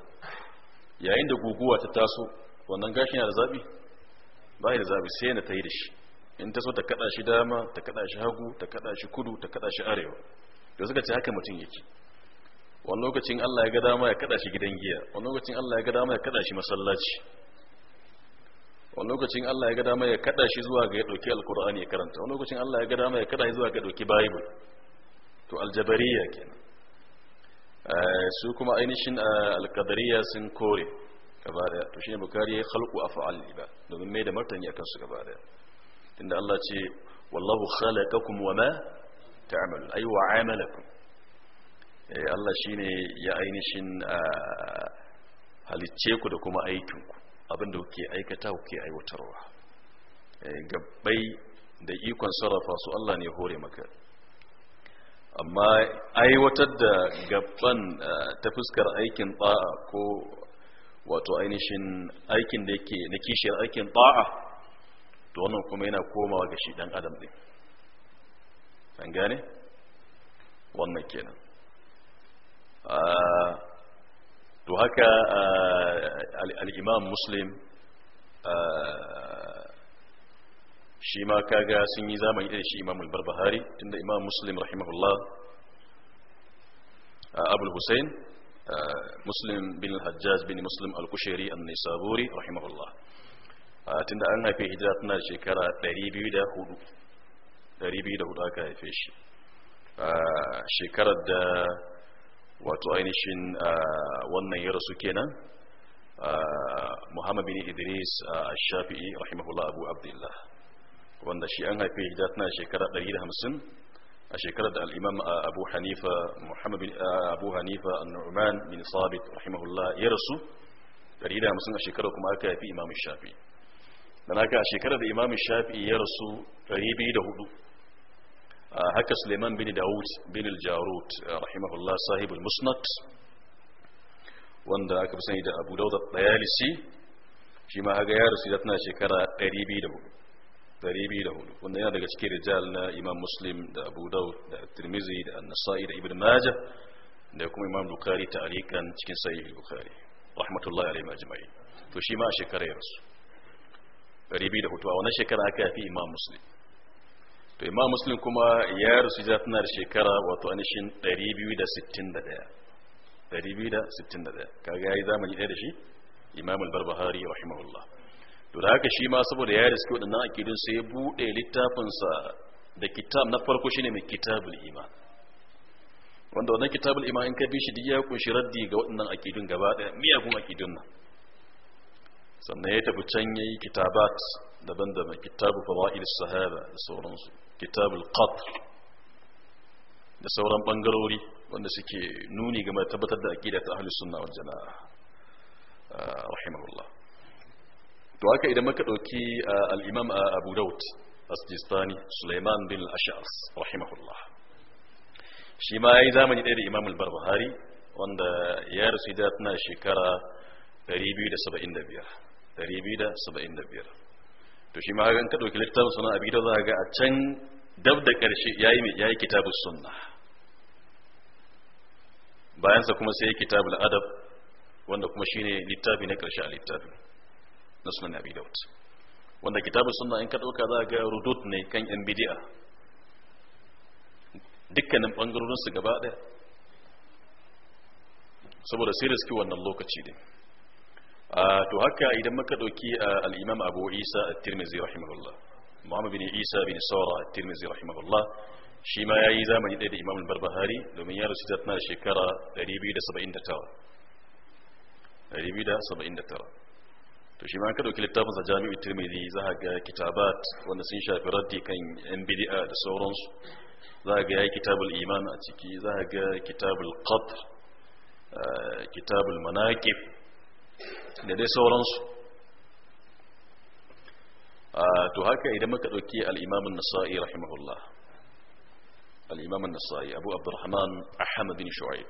yayin da guguwa ta taso wannan gashi na da zaɓi ba da zabi sai na ta yi da shi in ta so ta kada shi dama ta kada shi hagu ta kada shi kudu ta kada shi arewa da suka ce haka mutum yake wani lokacin Allah ya ga dama ya kada shi gidan giya wani lokacin Allah ya ga dama ya kada shi masallaci wani lokacin Allah ya ga dama ya kada shi zuwa ga ya dauki alkur'ani ya karanta wani lokacin Allah ya ga dama ya kada shi zuwa ga ya dauki bible to aljabariya kenan eh, su kuma ainihin eh, alkadariya sun kore gaba daya to shine bukari ya khalqu af'al ibad domin mai da martani akan su gaba daya tunda Allah ce wallahu khalaqakum wama ta'malu ay wa 'amalakum eh Allah shine ya ainishin halicce ku da kuma aikin ku abinda kuke aikata kuke aiwatarwa eh, gabbai da ikon sarrafa su Allah ne hore maka amma aiwatar da gaban ta fuskar aikin ba ko wato ainihin aikin da yake na kishiyar aikin ta'a to wannan kuma yana komawa ga shi dan adam din an gane wannan kenan ah, to haka ah, al-imam muslim ah, shi ma kaga sun yi zamani da shi imamul barbahari tunda imam muslim rahimahullah abul hussein muslim bin hajjaj bin muslim al-kushari an-nisaburi rahimahullah tunda an haife hijira tana shekara 204 204 aka haife shi shekarar da wato ainihin wannan ya rasu kenan muhammad bin idris shafi'i rahimahullah abu abdullah wanda shi an haife hijira tana shekara 150 a shekarar da al'imam abu hanifa muhammad abu hanifa annu'man bin sabit rahimahullah ya rasu 150 a shekarar kuma aka yafi imam shafi dan haka a shekarar da imam shafi ya rasu 204 haka suleiman bin daud bin al-jarut rahimahullah sahibul musnad wanda aka fi sani da abu dauda dayalisi shi ma haga ya rasu da tana shekara 204 204 wanda yana daga cikin rijal na imam muslim da abu daud da tirmizi da annasa'i da ibn majah da kuma imam bukari ta alikan cikin sahih bukari rahmatullahi alaihi majma'i to shi ma a shekara ya rasu 204 a wannan shekara aka yafi imam muslim to imam muslim kuma ya rasu ja tana da shekara wato anishin 261 261 kaga yayi zamani ɗaya da shi imam al-barbahari rahimahullah to da haka shi ma saboda ya riske waɗannan akidun sai ya buɗe littafinsa da kitab na farko shine mai kitabul iman wanda wannan kitabul iman in ka bi shi duk ya kunshi raddi ga waɗannan akidun gaba ɗaya miyagun akidun nan sannan ya tafi can ya yi kitabat daban-daban kitabu fawa'il sahaba da sauransu kitabul qadr da sauran bangarori wanda suke nuni game da tabbatar da aqida ta ahlus sunna wal jama'a rahimahullah to haka idan muka ɗauki al'imam abu daud asjistani suleiman bin ash'as rahimahullah shi ma ya yi zamani ɗaya da imam al-barbahari wanda ya rasu da tana shekara 275 275 to shi ma hakan ka ɗauki littafin suna abi daud za ga a can dab da ƙarshe ya yi kitabun sunna bayansa kuma sai kitabul adab wanda kuma shine littafi na ƙarshe a littafin na sunan abi daud wanda kitabu sunna in ka dauka za ga rudud ne kan yan bid'a dukkanin bangarorin su gaba daya saboda sai riski wannan lokaci din to haka idan muka dauki al-imam abu isa at-tirmidhi rahimahullah muhammad bin isa bin sawra at-tirmidhi rahimahullah shi ma yayi zamani ɗaya da imam al-barbahari domin ya rasu tana shekara 279 279 to shi ma ka dauki littafin sa jami'u tirmidhi za ka ga kitabat wanda sun shafi raddi kan yan bid'a da sauransu za ka ga yayi kitabul iman a ciki za ka ga kitabul qadr kitabul manaqib da dai sauransu to haka idan muka dauki al-imam an-nasa'i rahimahullah al-imam an-nasa'i abu abdurrahman ahmad bin shu'aib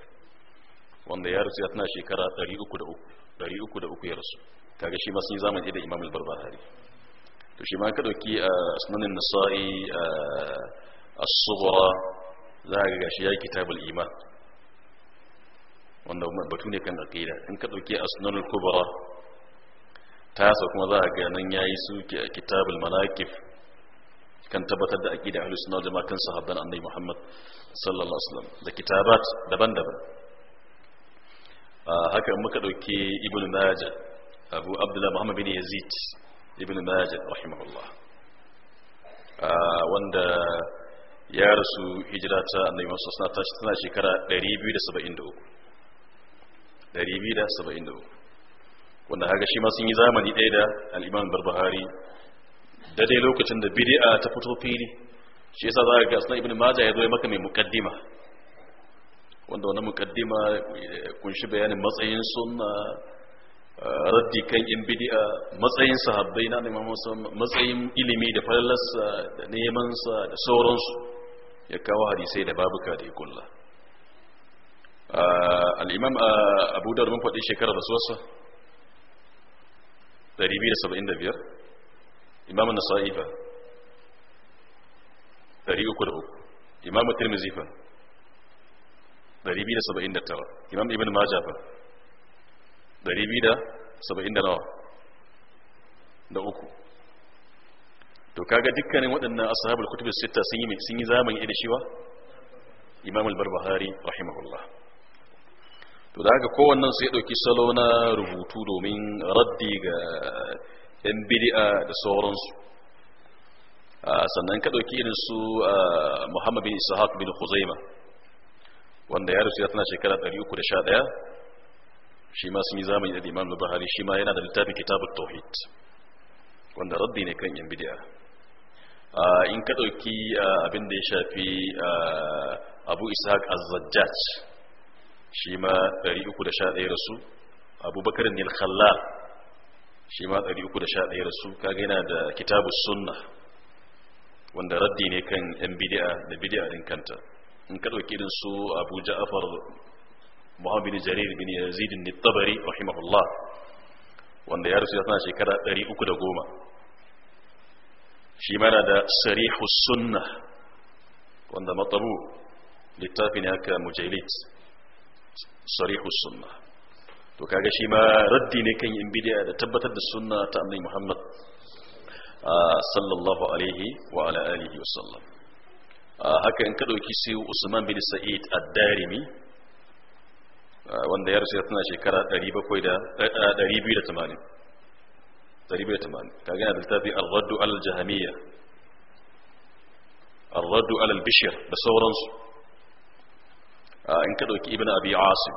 wanda ya rasu ya tana shekara 303 303 ya rusu kaga shi ma sun yi zamani da imam al-barbahari to shi ma ka dauki a ah, sunanin nasa'i ah, as-sughra za ka ga shi ya kitabul iman wanda batu ne kan aqida in ka dauki as-sunan al-kubra tasa kuma za ga nan yayi suke a kitabul malakif kan tabbatar da aqida ahlus sunna jama'a kan sahabban annabi Muhammad sallallahu alaihi wasallam da kitabat daban-daban ah, haka muka dauki ibnu majah abu abdullah muhammad bin yazid ibn majid rahimahullah ah, wanda ya rasu hijira ta annabi musa suna tashi tana shekara 273 273 wanda haka shi ma sun yi zamani ɗaya da al'imam barbahari da dai lokacin da bid'a ta fito fili shi yasa za ga sunan ibn majah ya zo maka mai muqaddima wanda wannan muqaddima eh, kunshi bayanin matsayin sunna raddi kan yan bidi'a matsayin sahabbai na Imam matsayin ilimi da falalarsa da neman sa da sauransu ya kawo hadisai da babuka da ya kulla al-Imam Abu Dawud mun faɗi shekarar sosa 275 Imam An-Nasa'i fa 303 Imam Tirmidhi fa 279 Imam Ibn Majah fa Dari biyu da saba'in da nawa da uku to kaga dukkanin waɗannan ashabul kutub sita sun yi sun yi zamani da shiwa imam al-barbahari rahimahullah to da haka kowannen sai ya ɗauki salo na rubutu domin raddi ga yan bid'a da sauransu sannan ka ɗauki irin su muhammad bin ishaq bin khuzaima wanda ya rasu ya tana shekara 311 shi ma sun yi zamani da imam al-bahari shi ma yana da littafin kitabut tauhid wanda raddi ne kan yan bid'a in ka dauki abin da ya shafi abu ishaq az-zajjaj shi ma 311 rasu abubakar ibn al-khallal shi ma 311 rasu kaga yana da kitabus sunna wanda raddi ne kan yan bid'a da bid'a din kanta in ka ɗauki irin su abu ja'far muhammad bin jarir bin yazid bin tabari rahimahullah wanda ya rasu tana shekara 310 shi mana da sarihu sunna wanda matabu littafin haka mujallit sarihu sunna to kaga shi ma raddi ne kan yin bidiya da tabbatar da sunna ta annabi muhammad sallallahu alaihi wa ala alihi wa sallam haka in ka dauki sai usman bin sa'id ad-darimi wanda ya rasu tana shekara 780 kaga yana da littafi al-raddu al-jahamiyya al-raddu al-bishir da sauransu in ka dauki ibn abi asim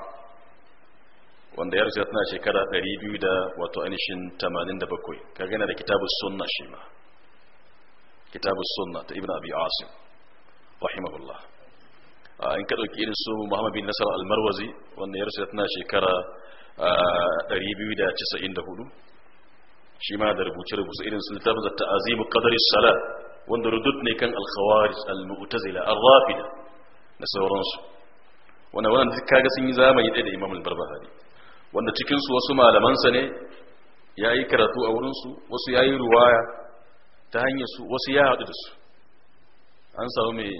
wanda ya rasu tana shekara 200 da wato anishin 87 kaga yana da kitabus sunna shi ma kitabus sunna ta ibn abi asim rahimahullah Ah, in ka ɗauki irin su muhammad bin nasar almarwazi wanda ya rasu tana shekara 294 ah, shi ma da rubuce-rubuce irin su littafin da ta'azimu qadari sala wanda rudud ne kan al-khawarij al-mu'tazila ar-rafida da sauransu wannan wannan duk kaga sun yi zamani ɗaya da imam al-barbahari wanda cikin su wasu malaman sa ne yayi karatu a wurin su wasu yayi ruwaya ta hanyar su wasu ya haɗu da su an samu mai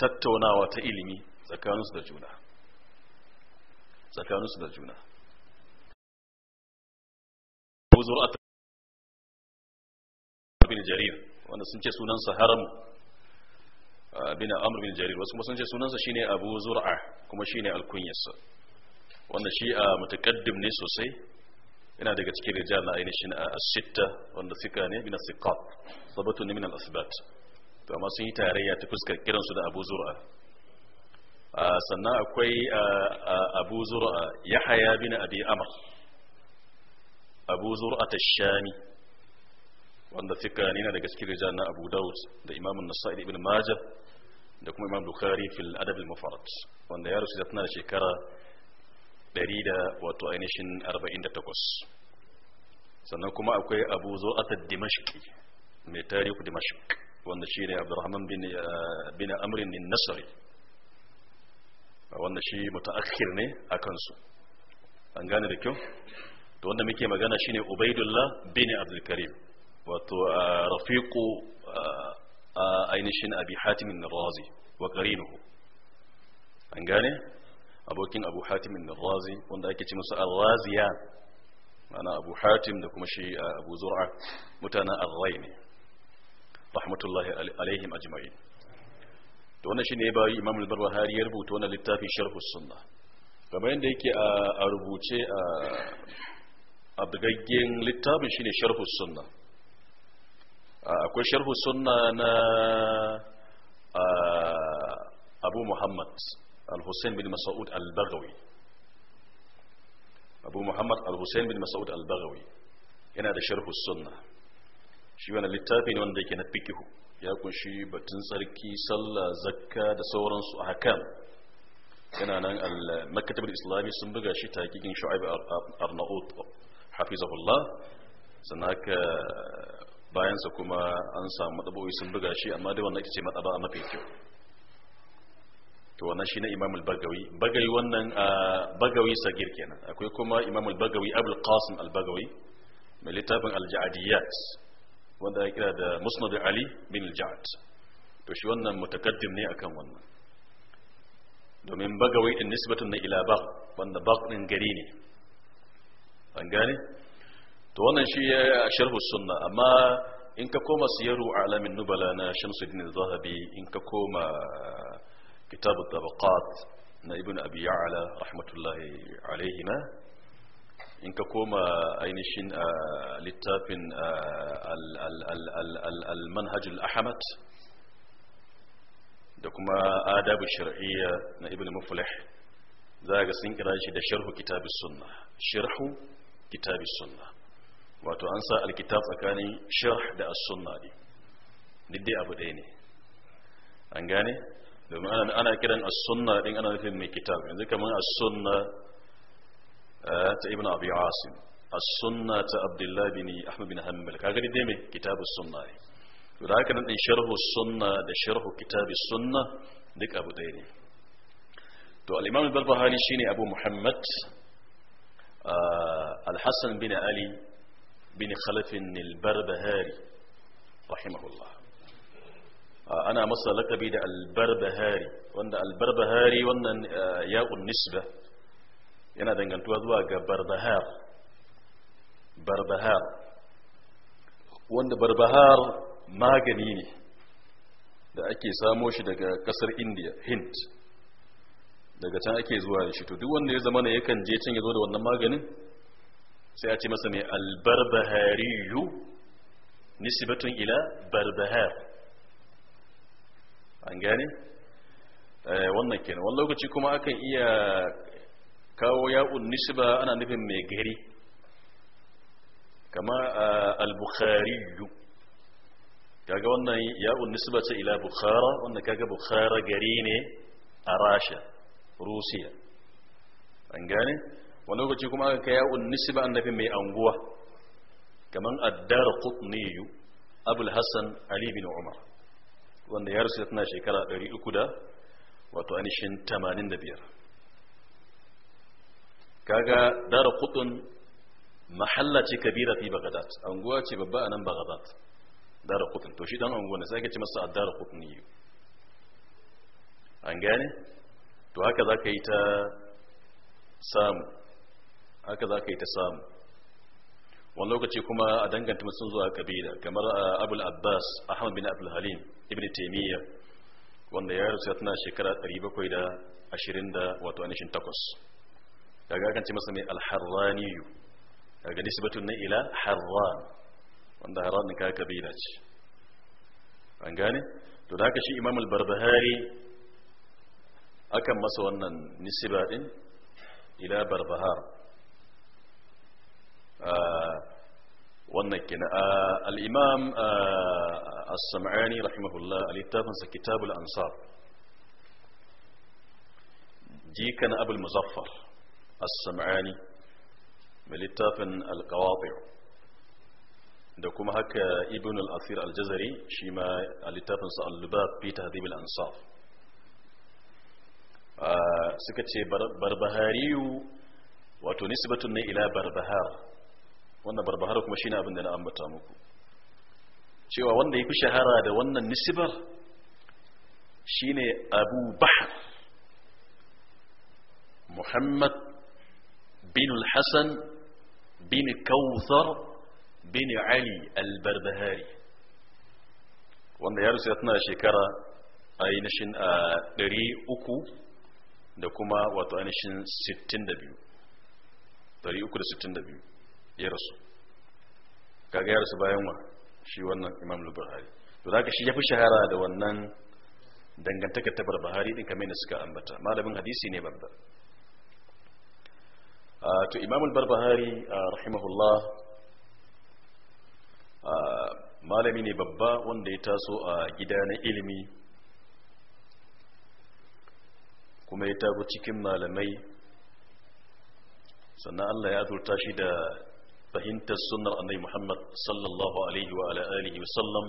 tattaunawa ta ilimi tsakaninsu da juna tsakaninsu da juna buzur bin jarir wanda sun ce sunansa haramu bin amr bin jarir wasu kuma sun ce sunansa shine abu zur'a kuma shine alkunyarsa wanda shi a mutakaddim ne sosai yana daga cikin rijal na ainihin a sitta wanda suka ne bin siqat sabatu ne min al-asbat to amma sun yi tarayya ta fuskar kiransu da abu zura sannan akwai abu zura ya haya bin abi amr abu zura ta shami wanda fika ne daga cikin rijal na abu daud da imamun nasa'id ibn majah da kuma imam bukhari fil adab al mufarrad wanda ya rusu tana shekara 148 sannan kuma akwai abu zura ta dimashqi mai tarihi dimashq wanda shi ne abdurrahman bin amrin bin nasari wanda shi mutaakhir ne a kansu an gane da kyau to wanda muke magana shine ubaidullah bin abdul karim wato a ainihin abi hatim an-razi wa qarinuhu an gane abokin abu Hatimin na razi wanda ake ce musu ar-raziya ma'ana abu hatim da kuma shi abu zur'a mutanen ar-rai ne rahmatullahi alaihim ajma'in to wannan shine ya bayi imam al-barbahari ya rubuta wannan littafin sharh sunna kamar yanda yake a rubuce a bugaggen littafin shine sharh sunna akwai sharh sunna na abu muhammad al-husayn bin mas'ud al-baghawi abu muhammad al-husayn bin mas'ud al-baghawi yana da sharh sunna shi wani littafi ne wanda yake na fikihu ya kunshi batun tsarki sallah zakka da sauransu a hakan yana nan al-maktabar islami sun buga shi ta takikin shu'aib arnaut hafizahullah sannan haka bayansa kuma an samu madabo'i sun buga shi amma dai wannan ita ce madaba mafi kyau to wannan shi na imam al-bagawi bagawi wannan bagawi sagir kenan akwai kuma imam al-bagawi abul qasim al-bagawi mai littafin al-ja'adiyat wanda ya kira da musnad ali bin al-ja'd to shi wannan mutakaddim ne akan wannan domin bagawai din nisbatun na ila baq wanda baq din gari ne an gane to wannan shi ya sharhu sunna amma in ka koma siyaru alamin nubala na shamsuddin zahabi in ka koma kitabut tabaqat na ibn abi ya'la rahmatullahi alayhima in ka koma ainihin ah, littafin ah, al-manhajul ahmad da kuma adabu shar'iyya na ibn muflih za ga sun kira shi da sharhu kitabis sunna sharhu kitabis sunna wato an sa alkitab tsakanin sharh da as-sunna ne dai abu ɗaya ne an gane domin ana kiran as-sunna ana nufin mai kitab yanzu kamar as-sunna ta ibn abi asim as-sunna ta abdullah bin ahmad bin hanbal kaga dai me kitabus sunna ne to da haka nan din sharhu sunna da sharhu kitabus sunna duk abu dai ne to al-imam al-barbahari shine abu muhammad al-hasan bin ali bin khalaf al-barbahari rahimahullah ana masa lakabi da albarbahari wanda albarbahari wannan ya'un nisba yana dangantuwa zuwa ga barbahar barbahar wanda barbahar magani ne da ake samo shi daga kasar india hint daga can ake zuwa da shi to duk wanda ya zama ne yakan je can ya zo da wannan maganin sai a ce masa mai albarbahariyu nisbatun ila barbahar an gane eh, wannan kenan wani lokaci kuma akan iya kawo ya'un nisba ana nufin mai gari kama al-bukhari kaga wannan ya'un nisba ce ila bukhara wannan kaga bukhara gari ne a rasha rusiya an gane wani lokaci kuma aka kai ya'un nisba an nufin mai anguwa kaman addar qutniyu abul hasan ali bin umar wanda ya rasu tana shekara 300 wato anishin 85 kaga dara kudin mahalla ce kabira fi bagadat anguwa ce babba a nan bagadat dara kudin to shi dan anguwa ne sai ka ci masa dara kudin an gane to haka za ka yi ta samu haka za ka yi ta samu wani lokaci kuma a danganta mutum zuwa kabila kamar abul abbas ahmad bin abul halim ibn taimiyya wanda ya rasu tana shekara 720 wato anishin takwas kaga kan ce masa mai alharraniyu kaga nisbatun ne ila harran wanda harran ka kabila ce an gane to da shi imam al-barbahari akan masa wannan nisba din ila barbahar wannan kina al-imam as-sam'ani rahimahullah al kitab al ansar jikan abul muzaffar السمعاني ملتافن القواطع عندكم هكا ابن الاثير الجزري شيما ملتافا اللباب في تهذيب الانصاف آه، سكتشي بربهاري وتنسبة إلى بربهار وأن بربهار كما شينا أبن دينا أمبتا موكو شوى وأن دي بشهارة وأن النسبة شيني أبو بحر محمد بن الحسن بن كوثر بن علي البربهاري wanda ya rasu ya tana shekara ainihin a ɗari uku da kuma wato ainihin sittin da biyu ɗari uku da sittin da biyu ya rasu kaga ya rasu bayan wa shi wannan imam al-buhari to da shi ya fi shahara da wannan dangantaka ta barbahari din kamar da suka ambata malamin hadisi ne babba to imam al-barbahari rahimahullah malami ne babba wanda ya taso a gida na ilimi kuma ya taso cikin malamai sannan Allah ya azurta shi da fahimtar sunnar annabi Muhammad sallallahu alaihi wa alaihi wa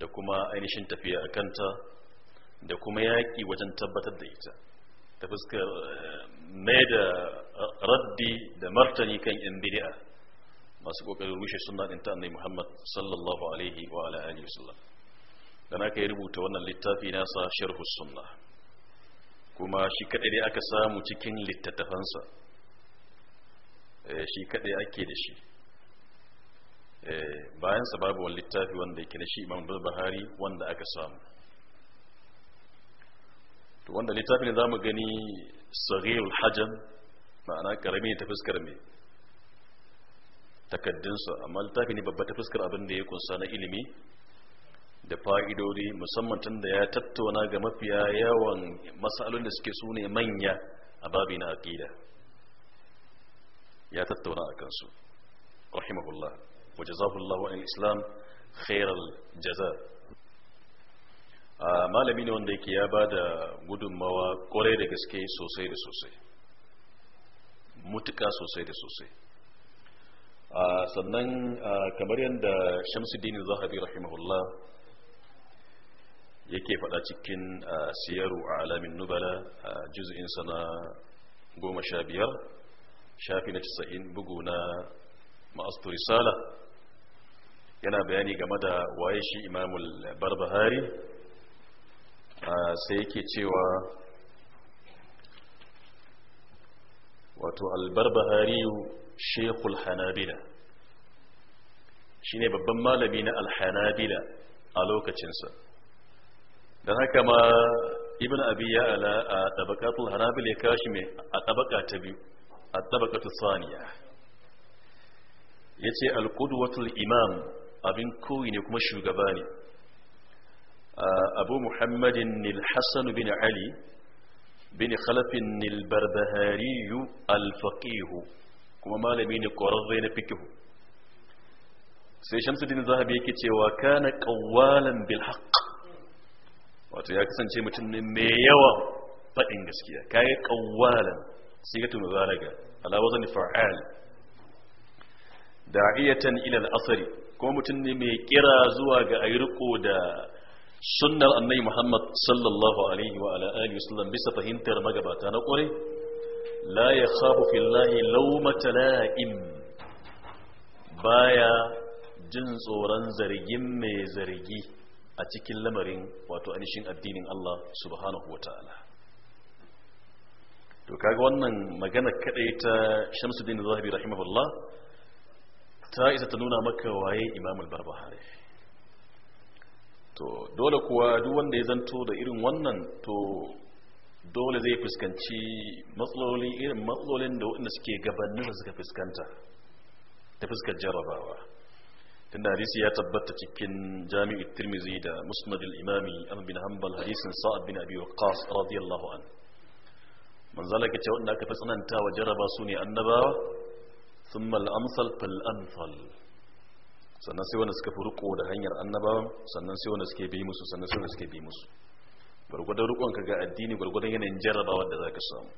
da kuma ainihin tafiya a kanta da kuma yaƙi wajen tabbatar da ita ta fuskar mai da raddi da martani kan yan bid'a masu kokarin rushe sunna din ta annabi Muhammad sallallahu alaihi wa ala alihi wasallam dan aka yi rubuta wannan littafi nasa sharhu sunna kuma shi kadai dai aka samu cikin littattafansa eh, shi kadai ake da shi eh, bayan sa babu wani littafi wanda yake da shi Imam Bukhari wanda aka samu wanda littafin za mu gani sari'ul hajan, ma'ana karami ta fuskar mai takaddunsa amma littafin ne babba ta fuskar abin da ya kunsa na ilimi da fa'idodi musamman tun da ya tattauna ga mafiya yawan matsalolin da suke su ne manya a babi na aƙida ya tattauna a kansu rahimahullah wa jazahullahu an islam khairal jaza Ah, malami ne wanda yake ya ba da gudunmawa kwarai da gaske sosai da sosai mutuka sosai da sosai ah, sannan ah, kamar yadda shamsuddin zahabi rahimahullah yake faɗa cikin siyaru a alamin nubala a juzi'in sana goma sha biyar shafi na casa'in bugu na ma'astu risala yana bayani game da waye shi imamul barbahari sai yake cewa wato albarbahari shekul hanabila shine babban malami na alhanabila a lokacinsa don haka ma ibn abi ala a tabakatul hanabila ya kashi mai a tabaka ta biyu a tabakatul saniya yace alqudwatul imam abin koyi ne kuma shugaba ne أبو محمد الحسن بن علي بن خلف البربهاري الفقيه kuma malami ne ƙwararre na fikihu sai shamsuddin zahabi yake cewa kana qawwalan bil haqq wato ya kasance mutum ne mai yawa faɗin gaskiya kage qawwalan sai ga tunu zalaga ala wazni fa'al da'iyatan ila al-asr kuma mutum ne mai kira zuwa ga ayi riko da sunnar annabi Muhammad sallallahu alaihi wa ala alihi wasallam bisa fahimtar magabata na kore la yakhafu fillahi lawmata la'im baya jin tsoron zargin mai zargi a cikin lamarin wato anishin addinin Allah subhanahu wa ta'ala to kaga wannan magana kadai ta Shamsuddin Zahabi rahimahullah ta isa ta nuna maka waye Imam barbahari to dole kuwa duk wanda ya zanto da irin wannan to dole zai fuskanci matsaloli irin matsalolin da waɗanda suke gabanin da suka fuskanta ta fuskar jarabawa tunda hadisi ya tabbata cikin Jami'in tirmizi da musnad al-imami an bin hanbal hadisin sa'ad bin abi waqqas radiyallahu an manzala kace wanda aka fi tsananta wa jaraba su ne annabawa thumma al-amsal fal amsal sannan sai wanda suka fi riko da hanyar annabawan sannan sai wanda suke bi musu sannan sai wanda suke bi musu gwargwadon rikonka ga addini gwargwadon yanayin jarrabawar da za ka samu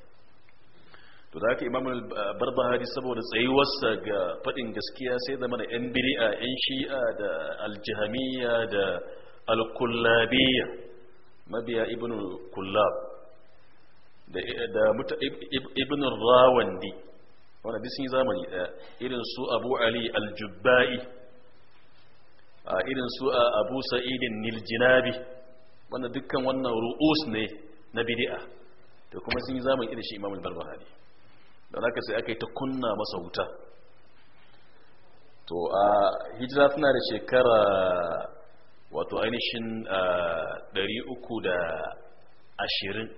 to da haka imamul barbahari saboda tsayuwarsa ga faɗin gaskiya sai zama da yan biri'a yan shi'a da aljihamiya da alkullabiya mabiya ibn kullab da ibn rawandi wanda bisin zamani ɗaya irin su abu ali aljubba'i A irin su a abu sa'idin niljinabi wanda dukkan wannan ru'us ne na bid'a to kuma sun yi zamani irin shi imamul barbahari da haka sai aka yi ta kunna masa wuta to a hijira tana da shekara wato ainihin 320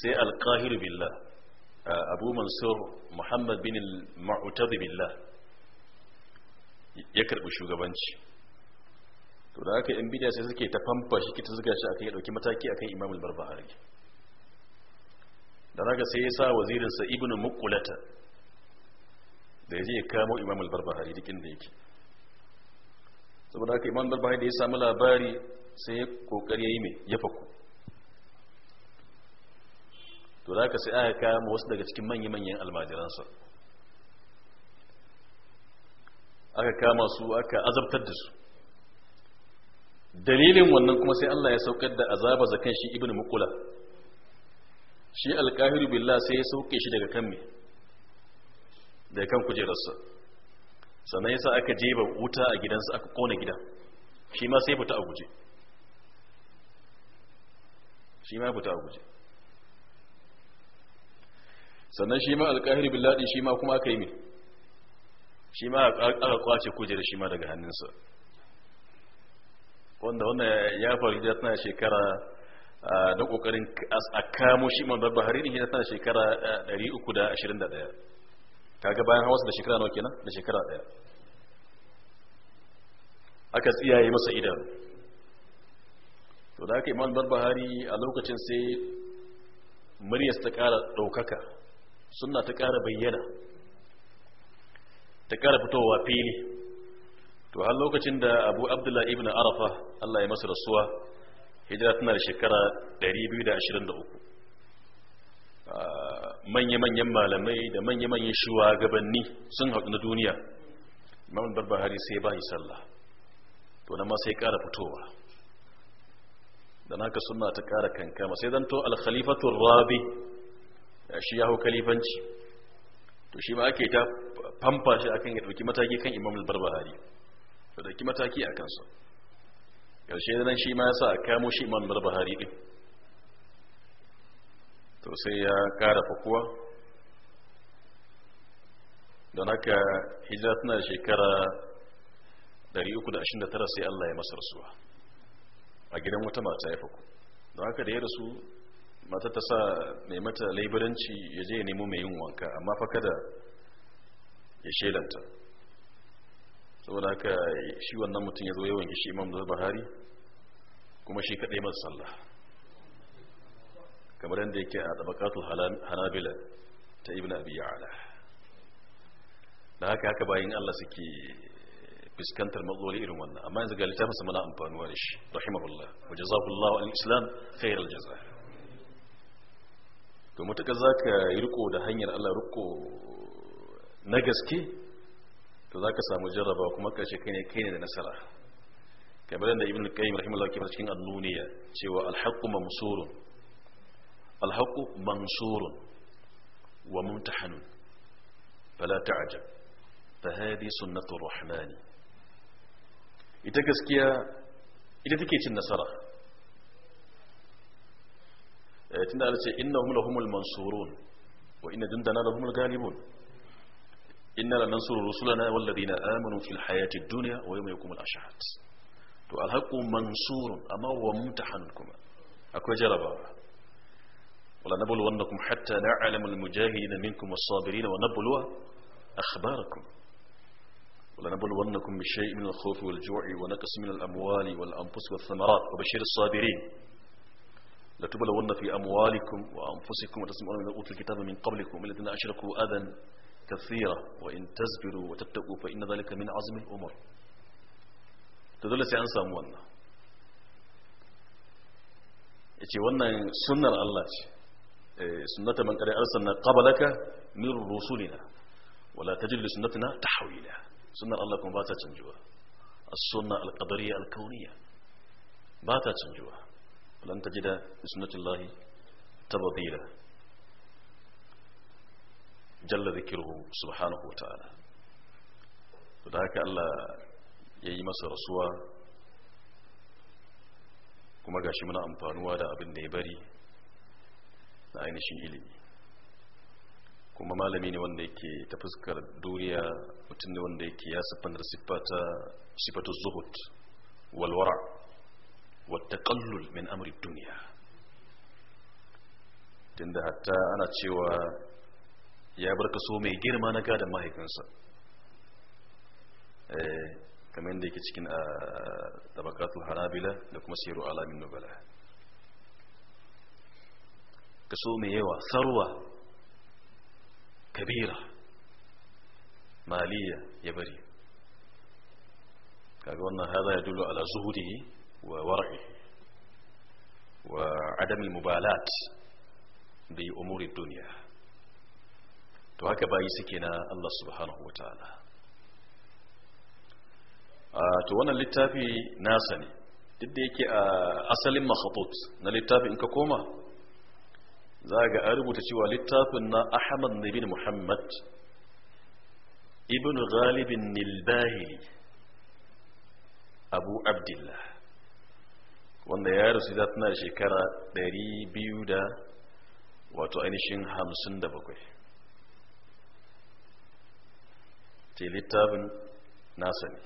sai alkahir billah abu mansur muhammad bin al-ma'utad billah ya karbi shugabanci to da aka yan bidiya sai suke ta famfa shi kita zuga shi akan ya dauki mataki akan imamu al-barbahari da haka sai ya sa wazirin sa ibnu muqulata da yaje ya kamo imamu al-barbahari dikin da yake saboda haka imamu al-barbahari da ya samu labari sai ya kokari yayi mai ya fako to da aka sai aka kama wasu daga cikin manya-manyan almajiransa aka kama su aka azabtar da su dalilin wannan kuma sai Allah ya saukar da azaba zakan shi ibnu muqula shi alkahiru billah sai ya sauke shi daga kan me daga kan kujerarsa sannan yasa aka jeba wuta a gidansa aka kona gida. shi ma sai fita a guje shi ma fita a guje sannan shi ma alkahiru billah din shi ma kuma aka yi mai shi ma aka kwace kujerar shi ma daga hannunsa wanda wannan ya faru da tana shekara da kokarin a kamo shi man babba hariri ne tana shekara 321 kaga bayan hawa da shekara nawa kenan da shekara daya aka tsiyaye masa idan to da aka imam bahari a lokacin sai muryarsa ta kara daukaka suna ta kara bayyana ta ƙara fitowa fili to har lokacin da abu abdullahi ibn arafa allah ya masa rasuwa hijira tana da shekara 223 ah, manya-manyan malamai da manya-manyan shugabanni sun haɗu na duniya imam barbahari sai ba sallah to nan ma sai ƙara fitowa dan haka suna ta ƙara kankama sai zanto al-khalifatul rabi shi yahu khalifanci to shi ma ake ta famfa shi akan ya dauki mataki kan imam al-barbahari ya dauki mataki a kansa yaushe da nan shi ma yasa a kamo shi imam al-barbahari din to sai ya kara fakuwa don haka hijira tana da shekara 329 sai Allah ya masa rasuwa a gidan wata mata ya fako don haka da ya rasu mata ta sa mai mata laibiranci ya je ya nemo mai yin wanka amma fa kada ya shelanta saboda haka shi wannan mutum ya zo yawan shi imam da bahari kuma shi kaɗai masu sallah kamar yadda yake a tabakatul hanabila ta ibn abi ya'ala da haka haka bayan allah suke fuskantar matsaloli irin wannan amma yanzu ga littafinsa mana amfanuwa da shi rahimahullah wa jazakullahu al-islam khairul jazaa to matuka za ka yi riko da hanyar allah riko na gaske to za ka samu jarraba kuma karshe kai ne kai ne da nasara kamar da ibn qayyim rahimahullah ke cikin annuniya cewa alhaqqu mamsurun alhaqqu mansurun wa mumtahanun fala ta'jab fa hadi sunnatu rahmani ita gaskiya ita take cin nasara tunda Allah ce innahum lahumul mansurun wa inna jundana lahumul galibun inna lanansuru rusulana wal ladina amanu fil hayati dunya wa yawma yaqumul ashhad to alhaqu mansurun amma wa mutahanun kuma akwai jarabawa wala nabluwannakum hatta na'lamul mujahidina minkum was-sabirin wa nabluwa akhbarakum wala nabluwannakum bi shay'in min al-khawfi wal-ju'i wa naqsin min al-amwali wal-anfusi wath-thamarat wa bashir as-sabirin لتبلون في أموالكم وأنفسكم وتسمعون من أوت الكتاب من قبلكم الذين أشركوا أذى كثيرا وإن تزبروا وتتقوا فإن ذلك من عزم الأمور تدل سيان سامونا يجي ونا سنة الله إيه، سنة من قد أرسلنا قبلك من رسلنا ولا تجد لسنتنا تحويلا سنة الله كم باتا تنجوها السنة القدرية الكونية باتا تنجوها lan tajida sunnatullahi tabdila jalla dhikruhu subhanahu wataala to da haka Allah ya yi masa rasuwa kuma gashi muna amfanuwa da abin da ya bari na ainihin ilimi kuma malami ne wanda yake ta fuskar duniya mutum ne wanda yake ya siffar siffata sifatu zuhud walwara والتقلل من أمر الدنيا tunda hatta ana cewa ya bar kaso mai girma na gadon mahaifinsa kamar yadda yake cikin a tabakatul harabila da kuma siru alamin nubala kaso mai yawa sarwa kabira maliya ya bari kaga wannan hada ya dulo ala zuhudihi وورعه وعدم المبالاة بأمور الدنيا وهكذا يسكن الله سبحانه وتعالى آه، توانا للتافي ناسني تديك أسلم آه، مخطوط للتافي إنك كوما ذاك أربو تشوى للتافي إن أحمد نبي محمد ابن غالب النلباهلي أبو عبد الله wanda ya rasu da tana da shekara 200 da wato ainihin 57 ce littafin nasa ne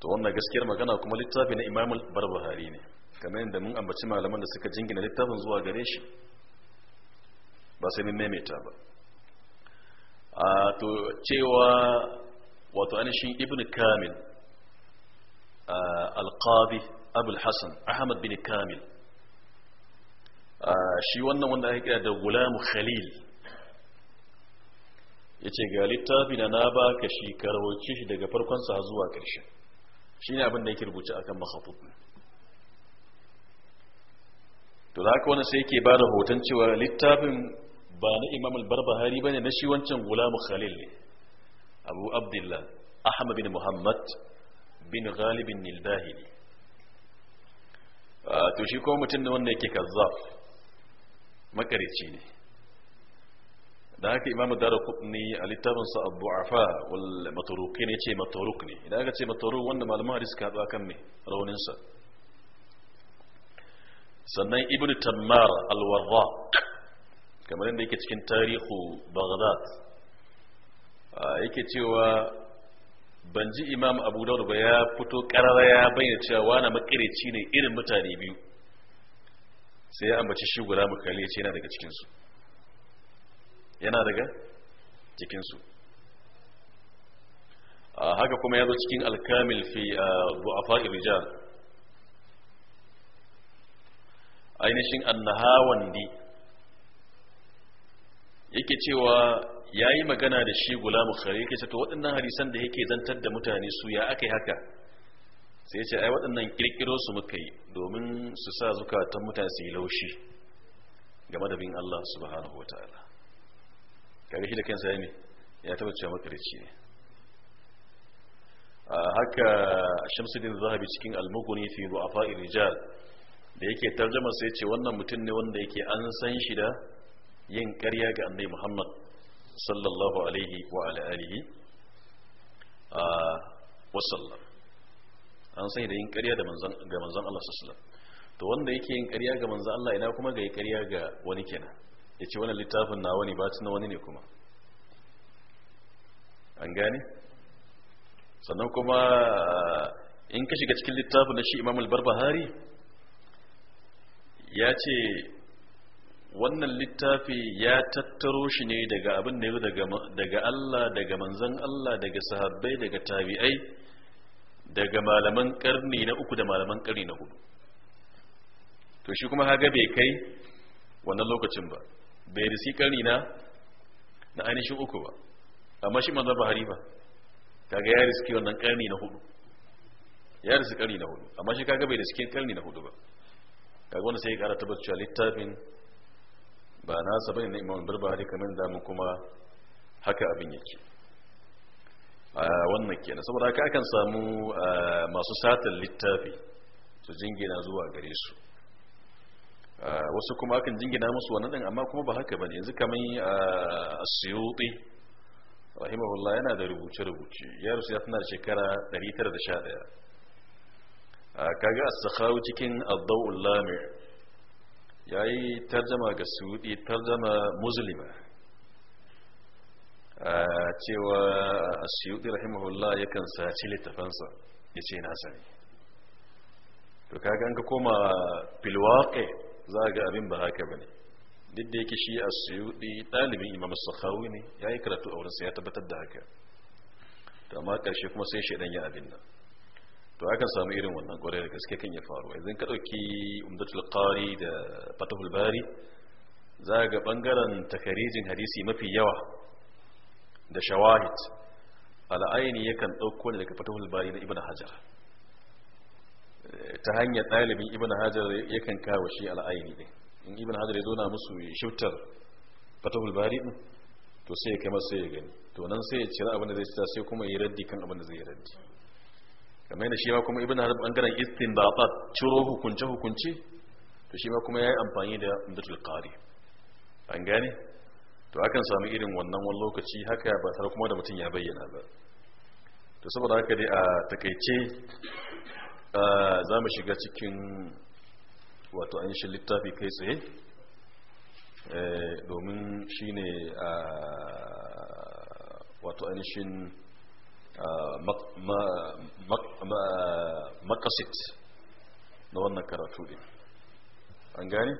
to wannan gaskiyar magana kuma littafi na imamul barbahari ne kamar yadda mun ambaci malaman da suka jingina littafin zuwa gare shi ba sai mun maimaita ba a to cewa wato ainihin ibn kamil al القاضي abu hassan ahmad bin kamil shi wannan wanda ake kira da gulamu khalil ya ce ga littafi na na ba ka shi karwace shi daga farkonsa zuwa ƙarshe shi ne abin da yake rubuce akan mahafut to da haka wani sai yake ba da hoton cewa littafin ba na imam al-barbahari ba ne na shi wancan gulamu khalil ne abu abdullah ahmad bin muhammad bin ghalibin nildahili Ah, to shi ko mutum ne wanda yake kazzaf makarici ne da haka imamu dara kudni a littafinsa a du'afa wal mataruki ne ce mataruk ne idan aka ce mataruk wanda malaman hadis ka haɗu kan mai rauninsa sannan ibn tammar alwarra kamar yadda yake cikin tarihu baghdad ah, yake cewa ban ji imam abu daud ba ya fito karara ya bayyana cewa wani ne irin mutane biyu sai ya ambaci shi guda mukali ya ce yana daga cikinsu yana daga cikinsu A haka kuma ya zo cikin alkamil fi A rijal ainihin annahawandi yake cewa ya yi magana da shi gulamu khari yake ce to waɗannan hadisan da yake zantar da mutane su ya aka yi haka sai ya ce ai waɗannan kirkiro su muka yi domin su sa zukatan mutane su yi laushi game da bin Allah subhanahu wa ta'ala Kare shi da kansa ne ya taba cewa makarici ne haka shamsuddin zahabi cikin almuguni fi du'afa rijal da yake tarjama sai ce wannan mutum ne wanda yake an san shi da yin ƙarya ga annabi muhammad sallallahu alaihi wa alihi wasallam an sai da yin ƙarya ga manzan Allah sallallahu to wanda yake yin ƙarya ga manzan Allah ina kuma ga yi ƙarya ga wani kenan ya ce wani littafin na wani ba na wani ne kuma an gane sannan kuma in ka shiga cikin littafin na shi imam al-barbahari ya ce wannan littafi ya tattaro shi ne daga abin da daga Allah daga manzan Allah daga sahabbai daga tabi'ai daga malaman karni na uku da malaman karni na hudu to shi kuma haga bai kai wannan lokacin ba bai risi karni na na ainihin uku ba amma shi manzan bahari ba kaga ya riski wannan karni na hudu ya risi karni na hudu amma shi kaga bai riski karni na hudu ba kaga wanda sai ya kara tabbatar littafin ba nasa bane na imam barbahari kamar da mu kuma haka abin yake wannan kenan saboda haka akan samu masu satan littafi su jingina zuwa gare su wasu kuma akan jingina musu wannan din amma kuma ba haka bane yanzu kamar asyuti rahimahullah yana da rubuce-rubuce ya rusu ya tana da shekara 911 kaga as-sakhawi cikin ad-dawul lami' ya yi tarjama ga suɗi tarjama musulima a cewa a suɗi rahimahullah yakan saci littafansa ya ce na sani to kaga an ka koma filwaƙe za ga abin ba haka ba ne duk da yake shi a suɗi ɗalibin imam sakhawi ne ya yi karatu a wurinsa ya tabbatar da haka to amma ƙarshe kuma sai shaidan ya abin nan to akan samu irin wannan kwarai da gaske kan ya faru idan ka dauki umdatul qari da fatahul bari za ga ɓangaren takarijin hadisi mafi yawa da shawahid al'aini yakan ɗauko ne daga fatahul bari na Ibn hajar eh, ta hanyar ɗalibin Ibn hajar yakan kawo shi al'aini ne. in ibnu hajar ya na musu shiftar fatahul bari din to sai ya kai masa ya gani to nan sai ya cira abin da zai cira sai kuma ya raddi kan abin da zai raddi kamar yadda shi ma kuma ibn harb bangaren istinbatat ciro hukunce hukunce to shi ma kuma yayi amfani da umdatul qari an gane to akan samu irin wannan wani lokaci haka ba tare kuma da mutum ya bayyana ba to saboda haka dai a takaice za mu shiga cikin wato an shi littafi kai tsaye eh, domin shine wato ainihin makasit na wannan karatu ne an gane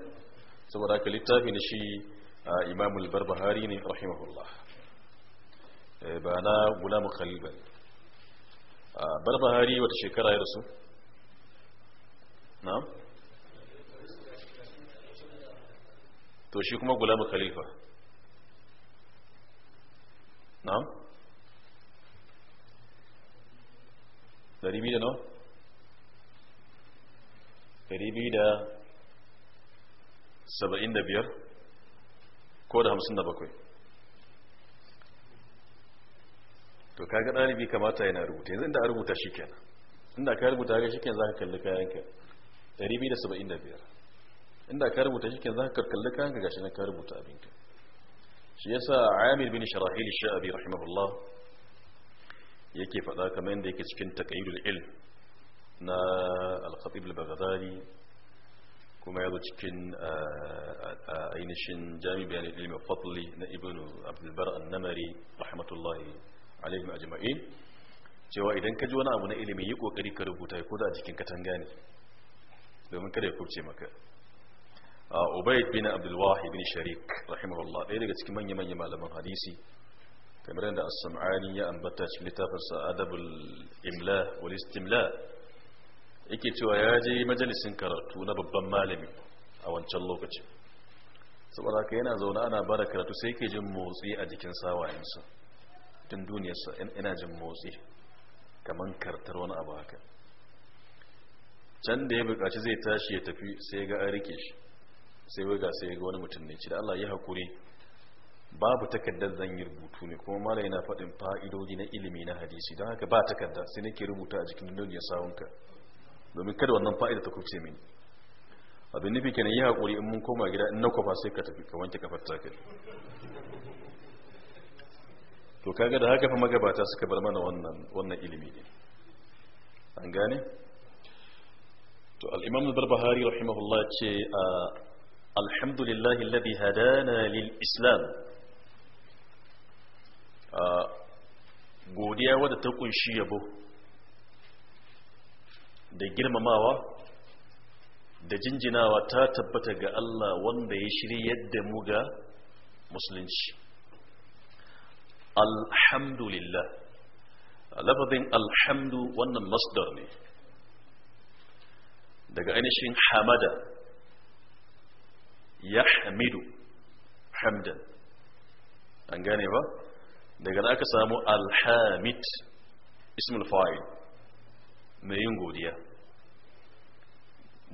saboda haka littafi na shi imamul barbahari ne rahimahullah ba na gulamu khalil ba barbahari wata shekara ya rasu na to shi kuma gulamu khalifa na dari biyu da nawa dari biyu da saba'in da biyar ko da hamsin da bakwai to kaga ɗalibi kamata yana rubuta yanzu inda a rubuta shi kenan inda ka rubuta ga shi kenan za ka kalli kayanka dari biyu da saba'in da biyar inda ka rubuta shi kenan za ka kalli kayanka gashi na ka rubuta abinka shi yasa amir bin sharahil sha'abi rahimahullah yake faɗa kamar yadda yake cikin taqayyidul ilm na al-khatib al-baghdadi kuma ya zo cikin ainihin jami bayanin ilmi fadli na ibn abdulbar annamari rahmatullahi alaihim ajma'in cewa idan ka ji wani abu na ilimi yi kokari ka rubuta ko da a cikin katanga ne domin kada ya kurce maka ubayd bin abdulwahi bin sharik rahimahullah ɗaya daga cikin manya manya malaman hadisi kamar yadda as ya ambata cikin littafinsa adabul imla wal istimla yake cewa ya je majalisin karatu na babban malami a wancan lokacin saboda haka yana zaune ana bada karatu sai yake jin motsi a jikin sawayensa tun duniyarsa ina jin motsi kamar kartar wani abu haka can da ya buƙaci zai tashi ya tafi sai ga an rike shi sai ga sai ga wani mutum ne ci da Allah ya hakuri. babu takardar zan yi rubutu ne kuma mala yana faɗin fa'idodi na ilimi na hadisi don haka ba takarda sai nake rubuta a jikin duniyar sawunka domin kada wannan fa'ida ta kuce mini abin nufi kenan yi haƙuri in mun koma gida in na kwafa sai ka tafi ka wanke kafar takin to kaga da haka fa magabata suka bar mana wannan wannan ilimi ne an gane to al-imam al-barbahari rahimahullah ce ah, alhamdulillahi alladhi hadana lil islam godiya wadda ta kunshi yabo da girmamawa da jinjinawa ta tabbata ga Allah wanda ya shirya yadda mu ga musulunci alhamdulillah lafazin alhamdu wannan masdar ne daga ainihin hamada ya hamidu hamdan an gane ba daga da aka samu alhamid ismul fa'il mai yin godiya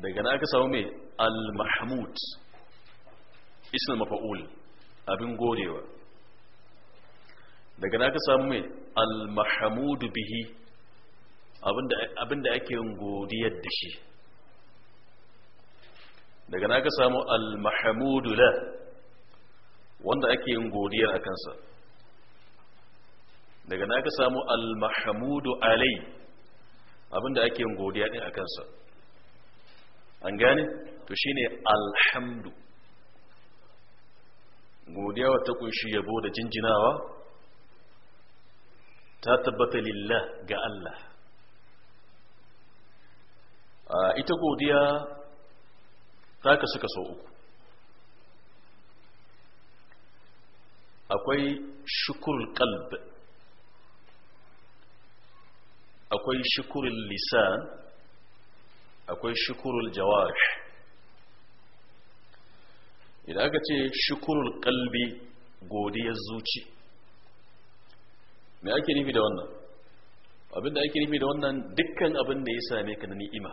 daga da aka samu mai almahmud ismul mafa'ul abin godewa daga da aka samu mai almahmud bihi abinda ake yin godiyar da shi daga da aka samu almahmud la wanda ake yin godiyar a kansa daga na ka samu al-mahmudu alai abinda ake yin godiya din a kansa an gane to shine alhamdu godiya wata kunshi yabo da jinjinawa ta tabbata lillah ga Allah ita godiya ta kasu kaso uku akwai shukul kalb akwai shukurul lisan akwai shukurul jawash idan aka ce shukurul kalbi godiyar zuci me ake nufi da wannan abin da ake nufi da wannan dukkan abin da ya same ka na ni'ima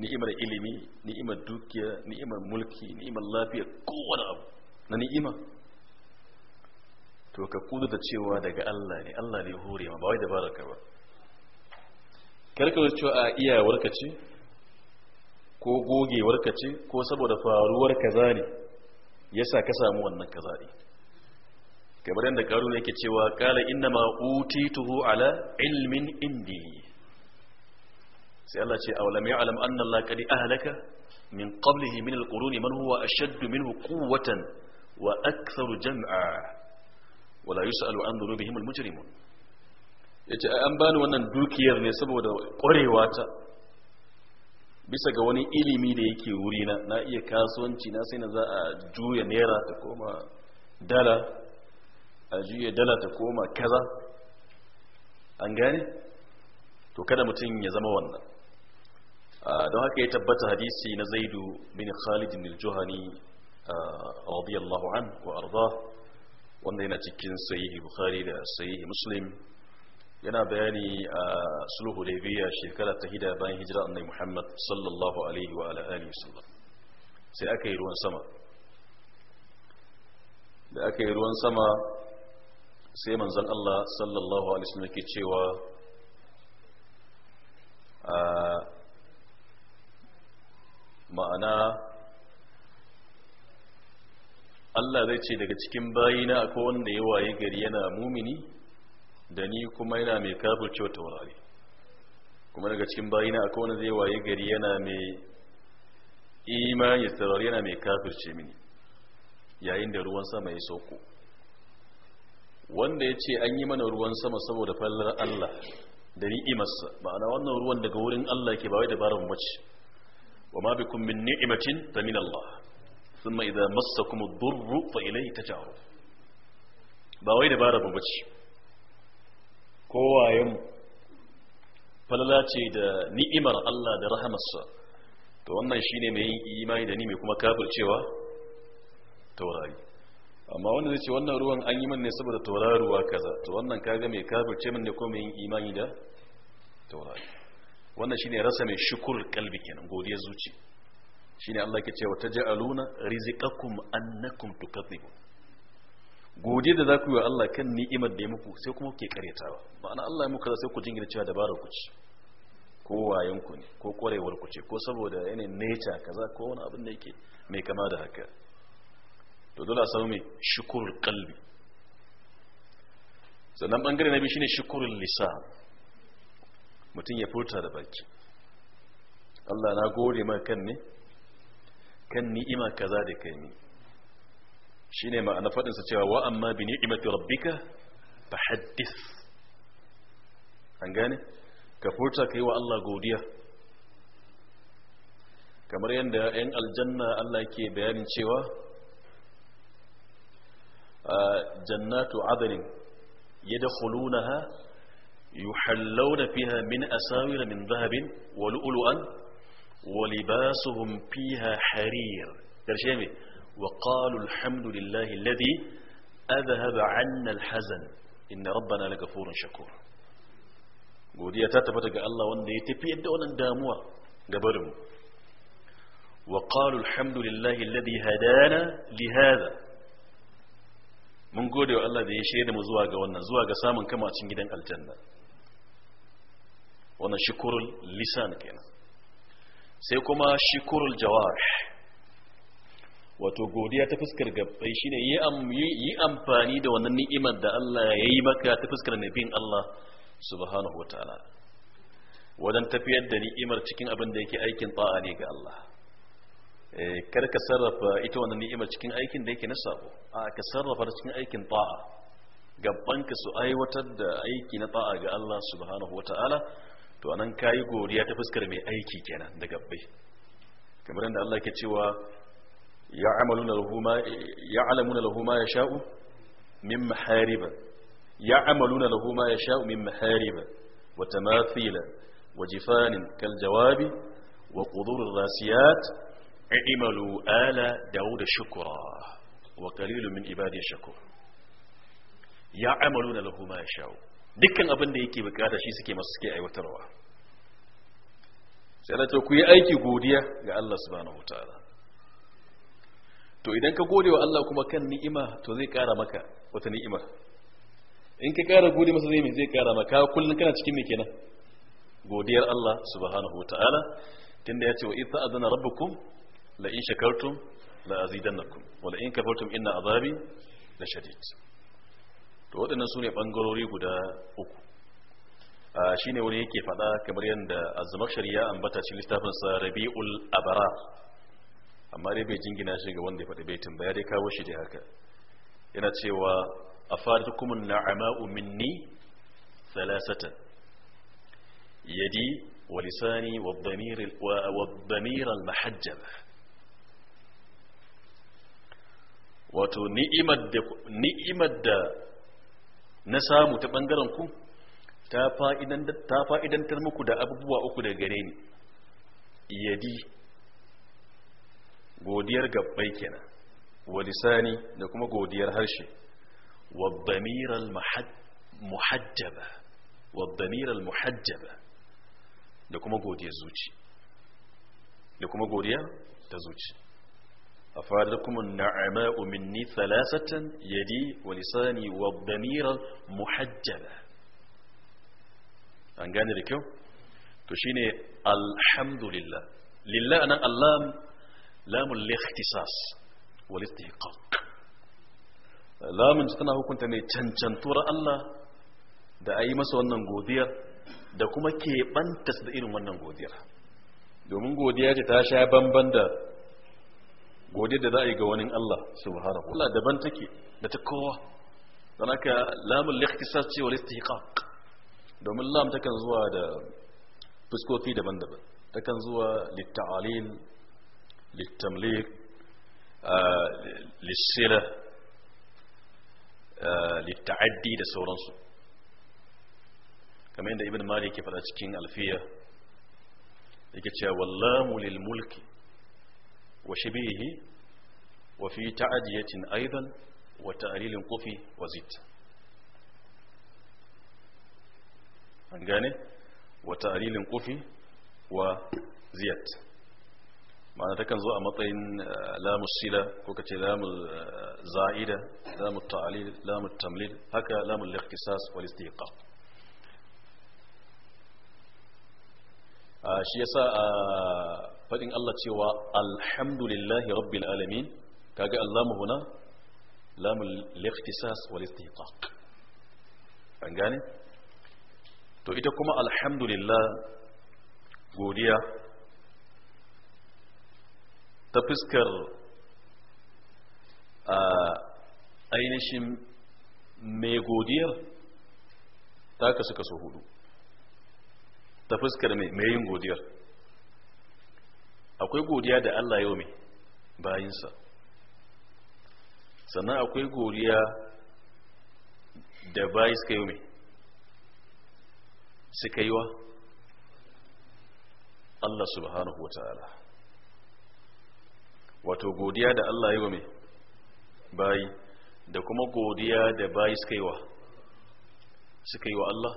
ni'imar ilimi ni'imar dukiya ni'imar mulki ni'imar lafiya kowane abu na ni'ima to ka kudu da cewa daga Allah ne Allah ne hore ma ba wai dabarar ba karka wuce a iyawar ka ce ko gogewar ka ce ko saboda faruwar kaza ne yasa ka samu wannan kaza ne kamar yadda karuna yake cewa kala inna ma utituhu ala ilmin indi sai Allah ce aw lam ya'lam anna Allah qad ahlaka min qablihi min al-quruni man huwa ashaddu minhu quwwatan wa aksaru jam'a wala yus'alu an dhunubihim almujrimun yace an bani wannan dukiyar ne saboda ƙwarewa ta bisa ga wani ilimi da yake wurina na iya kasuwanci na sai na za a juya naira ta koma dala a juya dala ta koma kaza an gane to kada mutum ya zama wannan don haka ya tabbata hadisi na zaidu bin khalid bin juhani radiyallahu an wa arda wanda yana cikin sahihi bukhari da sahihi muslim yana bayani a sulhu hudaybiya shekara ta hida bayan hijira annabi muhammad sallallahu alaihi wa ala alihi wasallam sai aka yi ruwan sama da aka yi ruwan sama sai manzon Allah sallallahu alaihi wasallam yake cewa ma'ana Allah zai ce daga cikin bayina akwai wanda ya waye gari yana mumini da ni kuma yana mai cewa taurari kuma daga cikin bayina akwai wanda zai waye gari yana mai imani taurari yana mai kafirce mini yayin da ruwan sama ya sauko wanda ya ce an yi mana ruwan sama saboda fallar Allah da ni'imarsa ma'ana wannan ruwan daga wurin Allah ke ba wai dabarar mace wa ma bikum min ni'imatin ta min Allah thumma masa kuma ad fa'ilai fa ilayhi taj'arun ba wai dabara ba bace kowayen falala ce da ni'imar Allah da rahamarsa to wannan shine mai yin imani da ni mai kuma taurari amma wanda zai ce wannan ruwan an yi min ne saboda tauraruwa kaza to wannan kaga mai kafirce min ne ko mai yin imani da taurari wannan shine rasa mai shukur kalbi kenan godiyar zuci. shine Allah ke cewa taj'aluna rizqakum annakum tukadhibun godiya da zaku yi wa Allah kan ni'imar da ya muku sai kuma kuke karyatawa ma'ana Allah ya muka da sai ku jingina cewa dabarar ku ce ko wayan ne ko korewar ku ce ko saboda yanayin nature kaza ko wani abin da yake mai kama da haka to dole a samu mai shukurul qalbi sannan bangare na biyu shine shukurul lisa mutum ya furta da baki Allah na gode maka kan ne kan ni'ima kaza da kai ni shine ma'ana fadin sa cewa wa amma bi ni'imati rabbika haddis. an gane ka furta kai wa Allah godiya kamar yadda 'yan aljanna Allah ke bayanin cewa jannatu adalin ya da hulunaha yuhallawna fiha min asawira min zahabin wa lu'lu'an ولباسهم فيها حرير ترجمة وقالوا الحمد لله الذي أذهب عنا الحزن إن ربنا لغفور شكور ودي تاتبت الله وندي تبي أدونا داموا قبرهم وقالوا الحمد لله الذي هدانا لهذا من قولي الله ذي شيء دم زواج ونن زواج سامن كما تشين جدا الجنة ونشكر اللسان كنا sai kuma shikurul jawash wato godiya ta fuskar gabbai shine yi amfani da wannan ni'imar da Allah ya yi maka ta fuskar nabin Allah subhanahu wataala Wadan tafiyar da ni'imar cikin abin da yake aikin ta'a ne ga Allah eh, kar ka sarrafa ita wannan ni'imar cikin aikin da yake na sabo a ka sarrafa cikin aikin ta'a gabban ka su aiwatar da aiki na ta'a ga Allah subhanahu wataala to anan kayi godiya ta fuskar mai aiki kenan da gabbai kamar yadda Allah ke cewa ya amaluna lahu ma ya min mahariba ya amaluna lahu ma min mahariba wa tamathila wa jifanin kal jawabi wa qudur rasiyat i'malu ala shukra wa qalilun min ibadi shakur ya amaluna lahu ma dukkan abin da yake bukata shi suke masu suke aiwatarwa sai ce ku yi aiki godiya ga Allah subhanahu wataala to idan ka gode wa Allah kuma kan ni'ima to zai kara maka wata ni'imar in ka kara gode masa zai zai kara maka kullun kana cikin me kenan godiyar Allah subhanahu wataala tunda ya ce wa idza adana rabbukum la in shakartum la azidannakum wa la in kafartum inna azabi la shadid to waɗannan su ne ɓangarori guda uku shi ne wani yake faɗa kamar yadda azumar shari'a ambata cikin littafinsa rabi'ul abara amma dai bai jingina shi ga wanda ya faɗi baitin ba ya dai kawo shi da haka yana cewa a fara kumin na'ama'u minni salasatan yadi wa lisani wa damiran wato ni'imar da na samu ta bangaren ku ta fa'idantar muku da abubuwa uku da gare ni yadi godiyar gabbai kenan wa lisani da kuma godiyar harshe wa damiral muhajjaba wa damiral muhajjaba da kuma godiyar zuci da kuma godiya ta zuci أفادكم النعماء مني ثلاثة يدي ولساني والضمير محجبة أن قال لك تشيني الحمد لله لله أنا اللام لام الاختصاص والاستحقاق lamun su tana hukunta mai cancantuwar Allah da a yi masa wannan godiyar da kuma keɓantas da irin wannan godiyar domin godiya ta sha bamban da godiyar da za a yi ga wani Allah subhanahu Allah daban take da ta kowa don haka lamun likhtisas ce wal istihqaq domin lam takan zuwa da fuskoki daban-daban takan zuwa litta'alil littamlik ah, lissila ah, litta'addi da sauransu kamar yadda ibn malik ya faɗa cikin alfiya yake cewa wallamu lil mulki وشبيه وفي تعدية أيضا وتأليل قفي وزيت أنجاني وتأليل قفي وزيت معنى تكن زوء مطين آه، لام السلة وكتي لام الزائدة آه، لام التعليل لام التمليل هكا لام الاختصاص والاستيقاق آه شيء fadin Allah cewa alhamdulillahi rabbil alamin kaga allamu huna lamul likhtisas wal istihqaq an gane to ita kuma alhamdulillah godiya ta fuskar a ainihin mai godiyar ta kasu kaso hudu ta fuskar mai yin godiyar akwai godiya da Allah yau mai bayinsa sannan akwai godiya da bayi suka yau mai suka yi wa Allah subhanahu wa ta'ala wato godiya da Allah yau mai bayi da kuma godiya da bayi suka yi wa suka yi wa Allah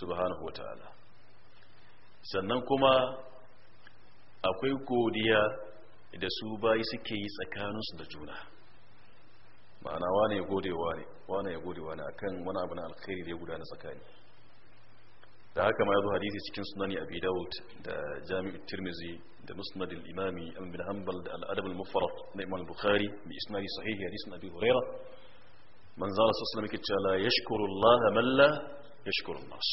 subhanahu wa ta'ala sannan kuma akwai godiya da su bayi suke yi tsakaninsu da juna ma'ana wane ya gode wane wane ya gode wane akan wani abu na alkhairi da ya gudana tsakani da haka ma yazo hadisi cikin sunani abi daud da jami'ut tirmizi da musnad al-imami ibn hanbal da al-adab al-mufrad na imam bukhari bi isnadi sahihi hadisin abi hurairah man zara sallallahu alaihi wasallam yake cewa la yashkuru allah man la yashkuru nas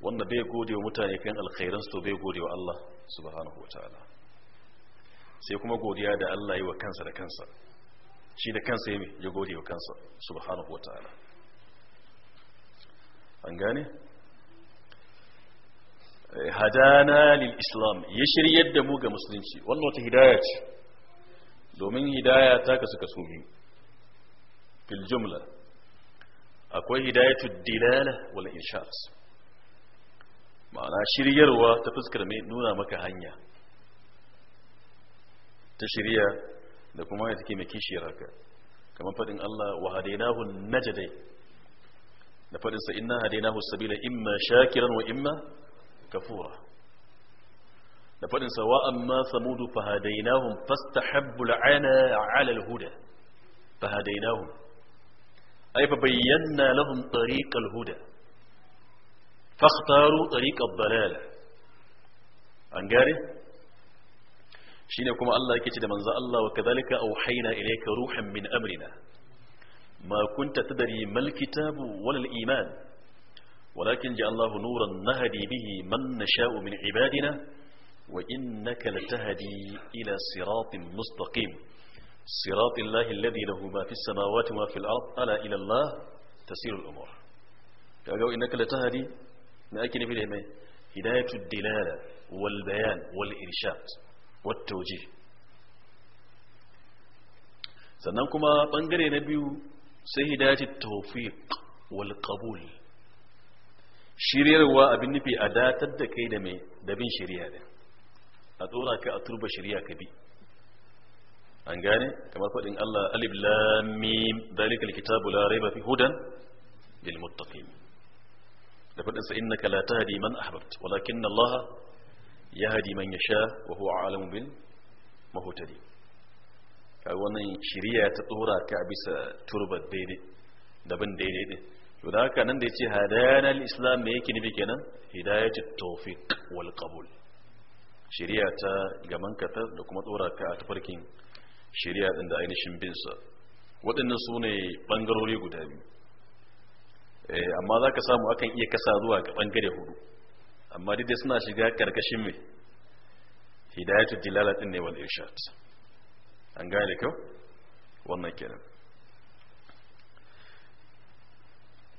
wanda bai gode wa mutane kan alkhairan su bai gode wa Allah subhanahu wataala sai kuma godiya da Allah yi wa kansa da kansa shi da kansa yi ya gode wa kansa subhanahu wataala an gane eh, hadana lil islam ya shiryar da mu ga musulunci wannan wata hidaya ce domin hidaya ta kasu kaso biyu fil jumla akwai hidayatul dilala wal insha'a ma'ana shiryarwa ta fuskar mai nuna maka hanya ta shirya da kuma ya take mai kishiyar haka kamar faɗin Allah wa hadainahu najadai da faɗin sa inna hadainahu sabila imma shakiran wa imma kafura da faɗin sa wa amma samudu fa hadainahum fastahabbu al'ana 'ala al-huda fa hadainahum ay fa bayyana lahum tariqal huda فاختاروا طريق الضلال عن جاري شينكم الله كتير من الله وكذلك أوحينا إليك روحا من أمرنا ما كنت تدري ما الكتاب ولا الإيمان ولكن جعل الله نورا نهدي به من نشاء من عبادنا وإنك لتهدي إلى صراط مستقيم صراط الله الذي له ما في السماوات وما في الأرض ألا إلى الله تسير الأمور قالوا إنك لتهدي لكن في الهمة هداية الدلالة والبيان والإرشاد والتوجيه سننكما بنجر نبيو سهداية التوفيق والقبول شرير وابن نبي أداة الدكي دمي دبين شريعة أدورا كأطلب شريعة كبي أن قال كما قال إن الله ألب لا ميم ذلك الكتاب لا ريب في هدى للمتقين da faɗin sa innaka la tahdi man ahbabt walakin Allah yahdi man yasha wa huwa alamu bil mahutadi kai wannan shiriya ta tsora ka a bisa turbar daidai daban daidai din to da haka nan da yace hadana al-islam me yake nufi kenan hidayatu tawfiq wal qabul shiriya ta gaman ka ta da kuma tsora ka a tafarkin shiriya din da ainihin bin sa waɗannan su ne guda biyu Eh, amma za ka samu akan iya kasa zuwa ga bangare hudu amma dai suna shiga karkashin mai hidayatu dilala din ne wal irshad an gane kyau wannan kenan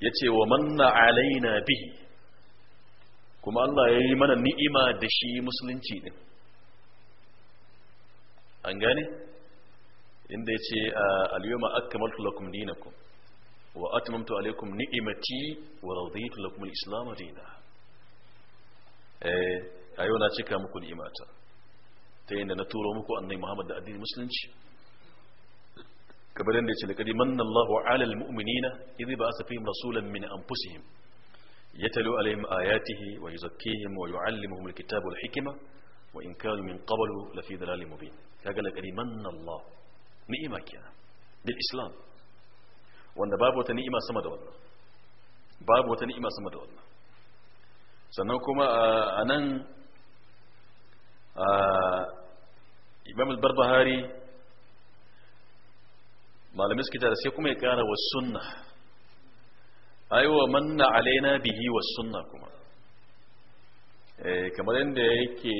yace wa manna alaina bihi kuma Allah ya yi mana ni'ima da shi musulunci din an gane inda yace al-yawma akmaltu lakum dinakum وأتممت عليكم نعمتي ورضيت لكم الإسلام دينا إيه، أيونا تكا مكو نعمتا تين نتورو مكو أني محمد دا الدين مسلم كبرين دي لقد من الله على المؤمنين إذ بعث فيهم رسولا من أنفسهم يتلو عليهم آياته ويزكيهم ويعلمهم الكتاب والحكمة وإن كانوا من قبل لفي ضلال مبين كقال لقد من الله نعمة كنا بالإسلام wanda babu wata ni'ima sama da wannan babu wata ni'ima sama da wannan sannan kuma a nan imam al-barbahari malamai suke tara sai kuma ya kara wa sunna aiwa manna alaina bihi wa sunna kuma eh, kamar yadda yake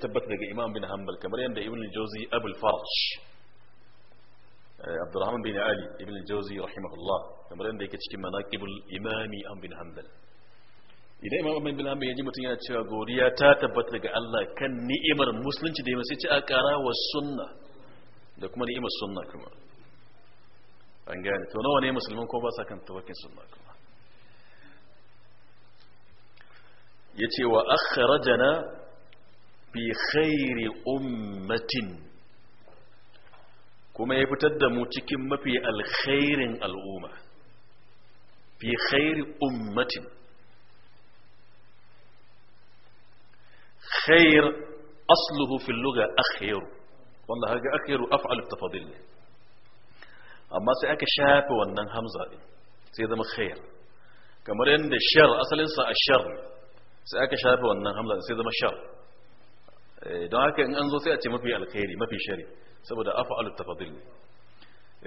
tabbata daga imam bin hanbal kamar yadda ibn jauzi abul farsh عبد الرحمن بن علي ابن الجوزي رحمه الله kamar yadda yake cikin manaqibul imami an bin hanbal idan imam an bin hanbal yaji mutun yana cewa godiya ta tabbata daga Allah kan ni'imar musulunci da yayin sai ce a kara wa sunna da kuma ni'imar sunna kuma an gane to nawa ne musulmin ko ba sa kan tawakkin sunna kuma yace wa akhrajana bi khairi ummatin kuma ya fitar da mu cikin mafi alkhairin al'umma fi khairi ummatin khair asluhu fi lugha akhiru wallahi haga akhiru af'al tafadil amma sai aka shafe wannan hamza din sai zama khair kamar yadda shar asalin sa ashar sai aka shafe wannan hamza sai zama shar don haka in an zo sai a ce mafi alkhairi mafi shari saboda afa'alu tafadil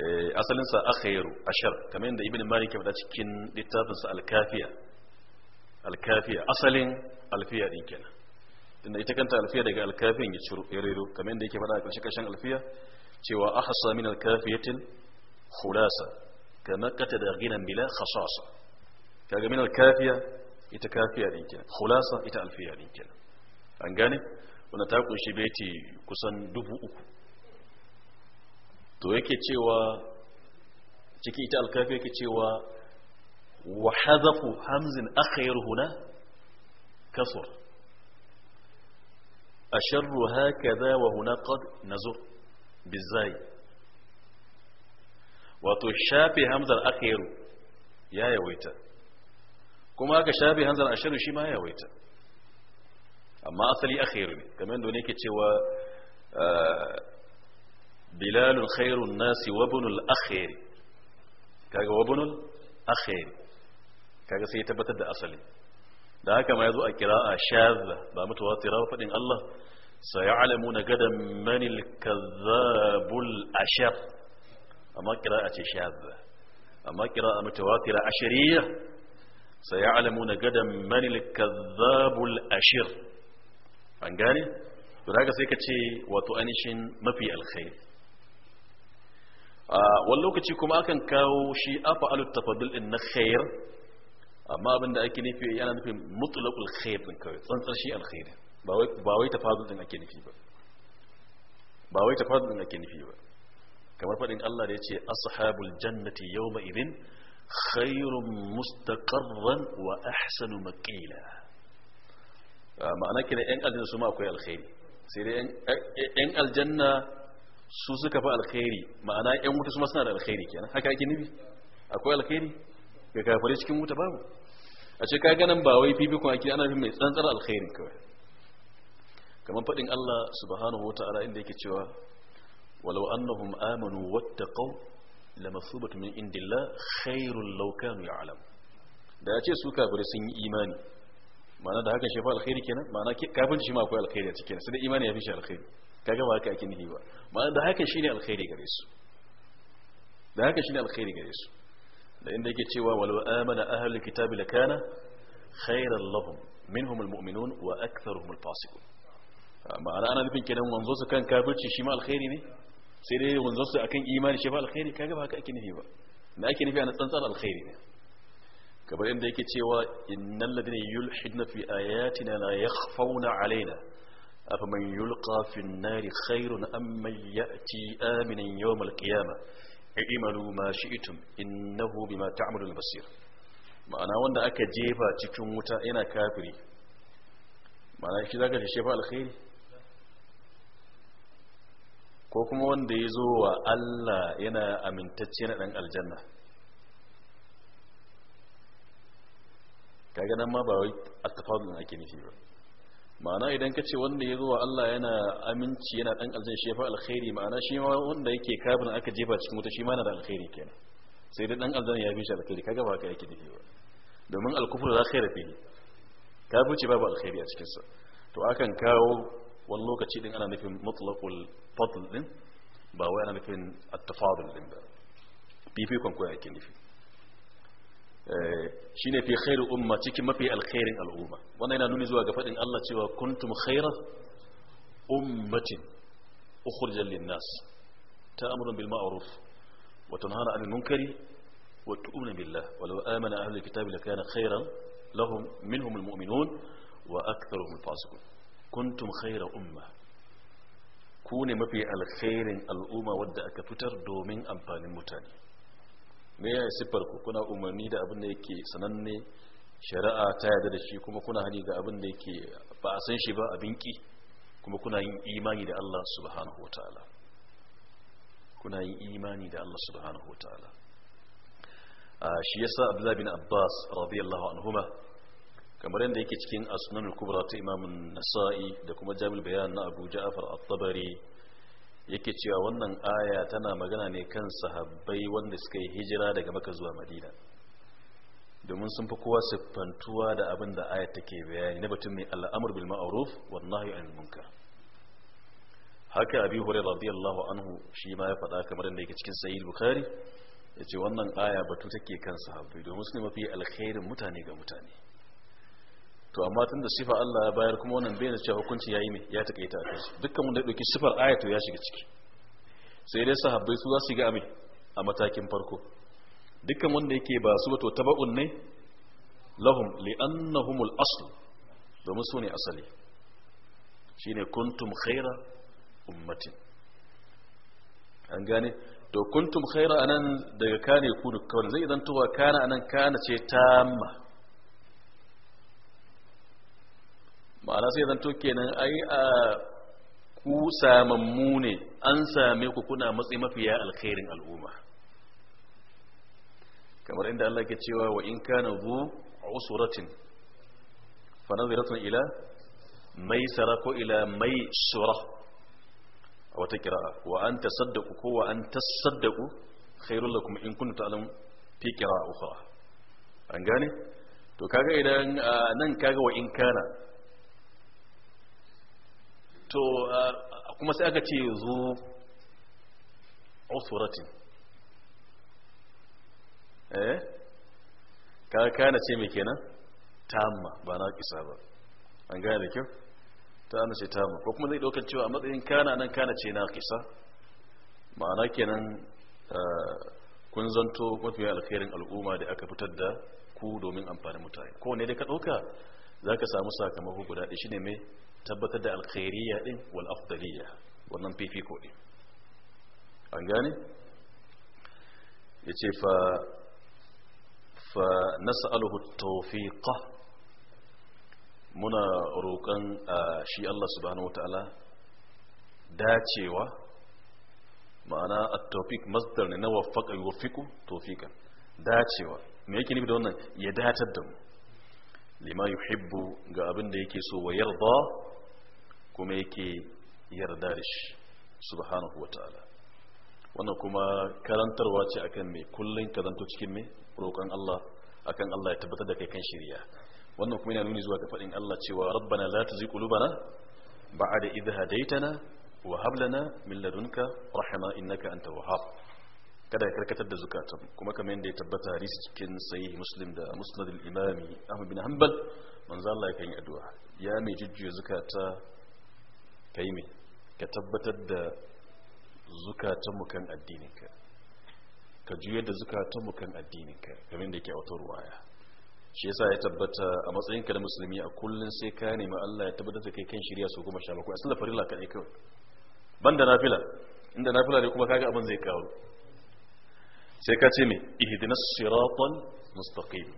eh asalin sa akhiru ashar kamar yadda ibn malik ya faɗa cikin littafin sa al-kafiya al-kafiya asalin alfiya din kenan tunda ita kanta alfiya daga al alkafiyan ya ciro ya rero kamar yadda yake faɗa a ƙarshe karshen alfiya cewa ahsa min al-kafiyatin khulasa kama qatada ghinan bila khasasa kaga min al-kafiya ita kafiya din kenan khulasa ita alfiya din kenan an gane wannan ta kunshi beti kusan dubu uku to yake cewa ciki ita alkafi yake cewa wa hadafu hamzin akhayr huna kasur asharru hakaza wa huna qad nazur bizai wato shafe hamzar akhayr ya yawaita kuma aka shafe hamzar asharru shi ma ya yawaita amma asali akhayr ne kamar da ne yake cewa بلال خير الناس وابن الأخير كذا وابن الأخير كذا سيتبت ده أصلي ده كما يذو أكراء شاذة با متواترة الله سيعلمون غدا من الكذاب الأشر أما كراءة شاذة أما كراءة متواترة أشرية سيعلمون غدا من الكذاب الأشر an gane to daga sai ما في الخير Ah, wani lokaci kuma akan kawo shi afa aluttafadul din na khair amma abin da ake nufi yana nufin mutlaqul khair din kawai tsantsar shi alkhairi ba wai ba wai tafadul din ake nufi ba ba wai tafadul din ake nufi ba kamar fadin Allah da yace ashabul jannati yawma idin khairun mustaqarran wa ahsanu maqila ah, ma'ana kina yan aljanna su ma akwai alkhairi sai dai yan aljanna su suka fi alkhairi ma'ana yan wuta su suna da alkhairi kenan haka ake nufi akwai alkhairi ga kafare cikin wuta babu a ce ka ganin ba wai kuma ake ana mai tsantsar alkhairi kawai kamar faɗin Allah subhanahu wa ta'ala inda yake cewa walau annahum amanu wattaqaw lamasubatu min indillah khairul law kanu ya'lam da ya ce su kafare sun yi imani ma'ana da hakan shi fa alkhairi kenan ma'ana kafin shi ma akwai alkhairi a cikin sai da imani ya fi shi alkhairi kaga ba haka ake nihi ba ma'ana da haka shine alkhairi gare su da haka shine alkhairi gare su da inda yake cewa wal amana ahlul kitabi lakana khairal lahum minhum almu'minun wa aktharuhum alfasiqun ma'ana ana nufin kenan wanzo su kan kafirci shi ma alkhairi ne sai dai wanzo su akan imani shi ba alkhairi kaga ba haka ake nihi ba da ake nufi ana tsantsar alkhairi ne kamar inda yake cewa innal ladina yulhidna fi ayatina la yakhfawna alaina afaman yulqa fin nari khairun amman ya'ti aminan yawmal qiyama i'malu ma shi'tum innahu bima ta'malun basir ma'ana wanda aka jefa cikin wuta yana kafiri ma'ana shi zaka shi fa alkhairi ko kuma wanda ya zo wa Allah yana amintacce na dan aljanna kaga nan ma ba wai at ake nufi ba ma'ana idan ka ce wanda ya zuwa Allah yana aminci yana dan aljin shi fa alkhairi ma'ana shi ma wanda yake kafin aka jefa cikin wuta shi ma na da alkhairi kenan sai dai dan aljin ya bi shi alkhairi kaga ba ka yake dake domin alkufru la khaira fihi kafirci babu alkhairi a cikin sa to akan kawo wani lokaci din ana nufin mutlaqul fadl din ba wai ana nufin at-tafadul din ba fifikon ko yake nufi shine fi khairu umma cikin mafi alkhairin al'umma wannan yana nuni zuwa ga fadin Allah cewa kuntum khaira ummatin ukhrijat lin-nas ta'murun bil ma'ruf wa tunhana 'anil munkari wa tu'minu billah wa law amana ahlul kitabi lakana khairan lahum minhum al-mu'minun wa aktharuhum al-fasiqun kuntum khaira umma ku ne mafi alkhairin al'umma wadda aka fitar domin amfanin mutane me ya siffar ku kuna umarni da abin da yake sananne shari'a ta yarda da shi kuma kuna hani da abin da yake ba a san shi ba abin ki kuma kuna yin imani da Allah subhanahu wataala kuna yin imani da Allah subhanahu wataala shi yasa Abdullah bin Abbas radiyallahu anhuma kamar yadda yake cikin asnanul kubra ta Imam Nasa'i da kuma Jami'ul Bayan na Abu Ja'far At-Tabari yake cewa wannan aya tana magana ne kan sahabbai wanda suka yi hijira daga maka zuwa madina domin sun fi kowa siffantuwa da abin da aya take bayani na batun mai al'amur bil ma'aruf wa nahyi anil munkar haka abi hore radiyallahu anhu shi ma ya faɗa kamar da yake cikin sahih bukhari yace wannan aya batu take kan sahabbai domin su ne mafi alkhairin mutane ga mutane to amma tun da sifa Allah ya bayar kuma wannan bai da cewa hukunci yayi ne ya takaita a shi dukkan wanda ya dauki sifar aya to ya shiga ciki sai dai sahabbai su za su ga amin a matakin farko dukkan wanda yake ba su ba to tabaun ne lahum li'annahumul asl domin su ne asali shine kuntum khaira ummatin an gane to kuntum khaira anan daga kane ku dukkan zai zantowa kana anan kana ce tamma ma'ana sai zanto kenan ai a ku samammu ne an same ku kuna matsi mafiya alkhairin al'umma kamar inda Allah ke cewa wa in kana zu usratin fa naziratun ila maisara ko ila mai shura a wata kira'a wa an tasaddaku ko wa an tasaddaku khairul lakum in kuntum ta'lamun fi kira'a ukhra an gane to kaga idan nan kaga wa in kana to kuma sai aka ce zu usuratin eh ka kana ce me kenan tamma ba na kisa ba an gane da kyau ta ana ce tamma ko kuma zai daukar cewa a matsayin kana nan kana ce na kisa ma'ana kenan kun zanto mafi alkhairin al'umma da aka fitar da ku domin amfanin mutane ne dai ka ɗauka za ka samu sakamako guda ɗaya shi mai tabbatar da alkhairiyya din wal afdaliyya wannan fifiko din an gane yace fa fa nas'aluhu tawfiqa muna roƙon shi Allah subhanahu wataala dacewa ma'ana at-tawfiq masdar ne na waffaqa yuwaffiqu tawfiqan dacewa me yake nufi da wannan ya datar da mu lima yuhibbu ga abin da yake so wa yarda kuma yake yarda da shi subhanahu wa wannan kuma karantarwa ce akan mai kullum karanto cikin mai roƙon Allah akan Allah ya tabbatar da kai kan shirya wannan kuma yana nuni zuwa ga faɗin Allah cewa rabbana la tuzigh qulubana ba'da idh hadaytana wa hab lana min ladunka rahma innaka antal wahhab kada ka karkatar da zukatan kuma kamar yadda ya tabbata hadisi cikin sahih muslim da musnad al-imami ahmad bin hanbal manzo Allah ya kan addu'a ya mai jujjuya zukata ka yi mai ka tabbatar da zukatanmu kan addininka ka juyar da zukatanmu kan addininka kamar da yake a waya. ruwaya shi yasa ya tabbata a matsayinka da musulmi a kullun sai ka nemi Allah ya tabbatar da kai kan shari'a su goma sha ko a sallar farilla kadai kawai banda nafila inda nafila ne kuma kaga abin zai kawo sai ka ce me ihdinas siratal mustaqim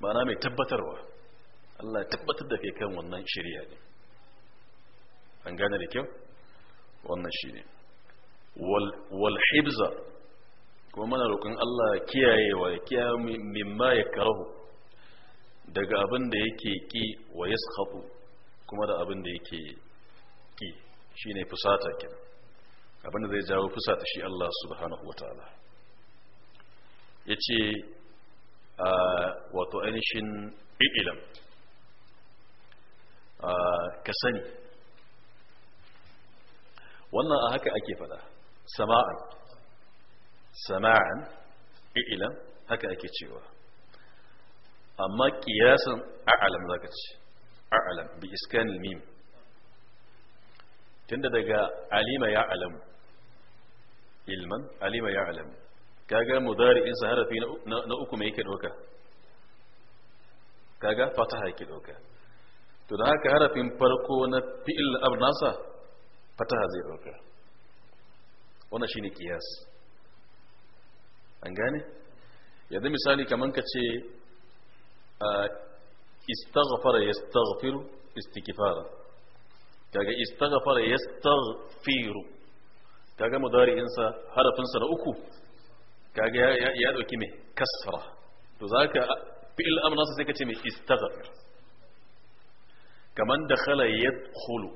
ma'ana mai tabbatarwa Allah ya tabbatar da kai kan wannan shari'a ne an gane da kyau wannan shi ne walhibza kuma mana roƙon Allah kiyayewa ya kiyaye mimma ya karahu daga abin da yake ƙi wa ya kuma da abin da yake ƙi shi ne fusata kin abin da zai jawo fusata shi Allah subhanahu wa ta'ala ya ce wato ainihin ilam ka sani wannan a haka ake fada sama'an sama'an ilan haka ake cewa amma kiyasan a'alam zaka ce a'alam bi iskanil mim tunda daga alima ya alamu ilman alima ya alamu kaga mudari'in sa harafi na uku mai yake doka kaga fataha yake doka to da haka harafin farko na fi'il abnasa fataha zai dauka wannan shine kiyas an gane yanzu misali kaman ka ce istaghfara yastaghfiru istighfara kaga istaghfara yastaghfiru kaga mudari'in sa harafin sa na uku kaga ya dauki me kasra to zaka fi'il amr nasa sai ka ce me istaghfir kaman dakhala yadkhulu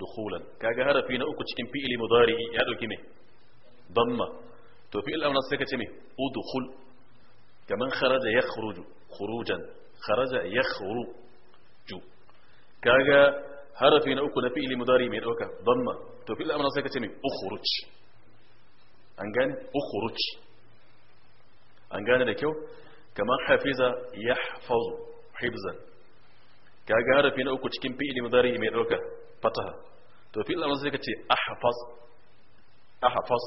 دخولا كاجا هرفي نا uku cikin fi'ili mudari ya dauki me damma to fi'il amr sai kace me udkhul kaman kharaja yakhruju khurujan kharaja yakhruju kaga harafi na uku na fi'ili mudari mai dauka damma to fi'il amr sai kace me ukhruj an gane ukhruj an gane da kyau kaman hafiza yahfazu hibzan kaga harafi na uku cikin fi'ili mudari mai dauka fataha to fi'il amr sai ka ce ahfaz ahfaz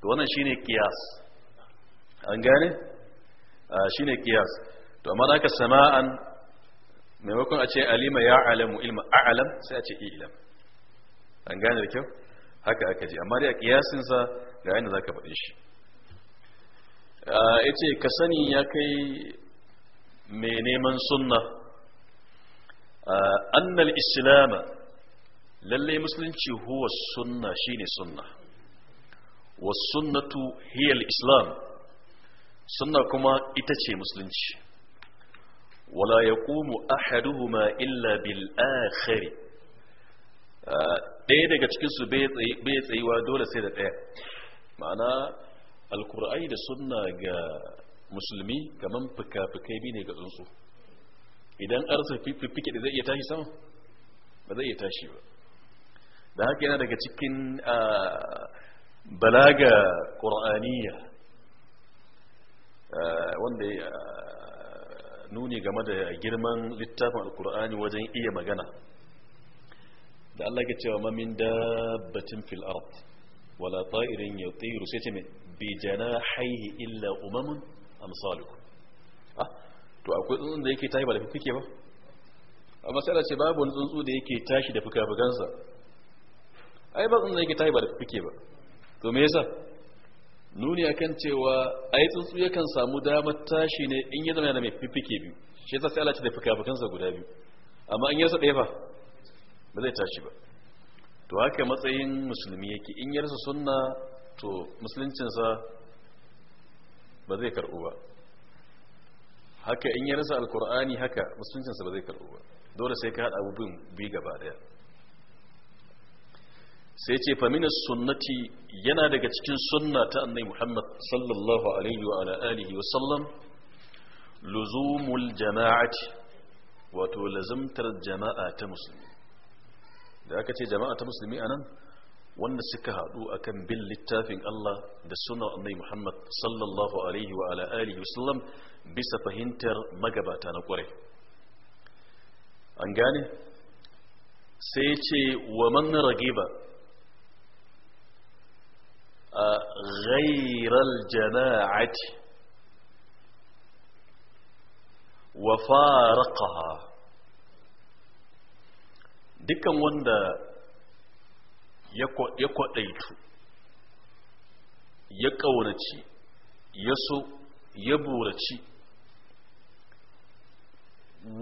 to wannan shine qiyas an gane shine qiyas to amma da ka sama'an maimakon a ce alima ya alamu ilma a'lam sai a ce ilam an gane da kyau haka aka ji amma dai a kiyasin sa ga yanda zaka faɗi shi yace ka sani ya kai mai neman sunna annal islam lalle musulunci huwa sunna shine sunna wa sunnatu hiya islam sunna kuma ita ce musulunci wala yaqumu ahaduhuma illa bil akhir ɗaya daga cikin su bai tsayuwa dole sai da ɗaya ma'ana alkur'ani da sunna ga musulmi kamar fuka-fukai bi ne ga tsuntsu idan arzikin fifike da zai iya tashi sama ba zai iya tashi ba da haka yana daga cikin ah, balaga ƙur'aniya ah, wanda ah, nuni game da girman littafin alkur'ani wajen iya magana da Allah ke cewa mamin dabbatin fil ard wala ta'irin yatiru sai ce me bi haihi illa umamun amsalukum ah to akwai tsuntsun da yake tashi ba da kuke ba amma sai ce babu wani tsuntsu da yake tashi da fuka-fukansa ai ba tsuntsaye ke tashi ba da fuke ba to me yasa nuni akan cewa ai tsuntsu yakan samu damar tashi ne in ya zama yana mai fiffike biyu shi yasa sai Allah ce da sa guda biyu amma in ya rasa ɗaya fa ba zai tashi ba to haka matsayin musulmi yake in ya rasa sunna to musuluncinsa ba zai karɓu ba haka in ya rasa alkur'ani haka musuluncinsa ba zai karɓu ba dole sai ka haɗa abubuwan biyu gaba ɗaya sai ce famina sunnati yana daga cikin sunna ta annai muhammad sallallahu alaihi wa alihi wa sallam luzumul jama'ati wato lazimtar jama'a ta musulmi da aka ce jama'a ta musulmi anan wanda suka haɗu kan bin littafin Allah da suna annai muhammad sallallahu alaihi wa alihi wa sallam bisa fahimtar magabata na kwarai an gane sai ce wa man ragiba ghairal jama'ati wa faraqaha dukkan wanda ya kwaɗaitu ya ƙaunaci ya so ya buraci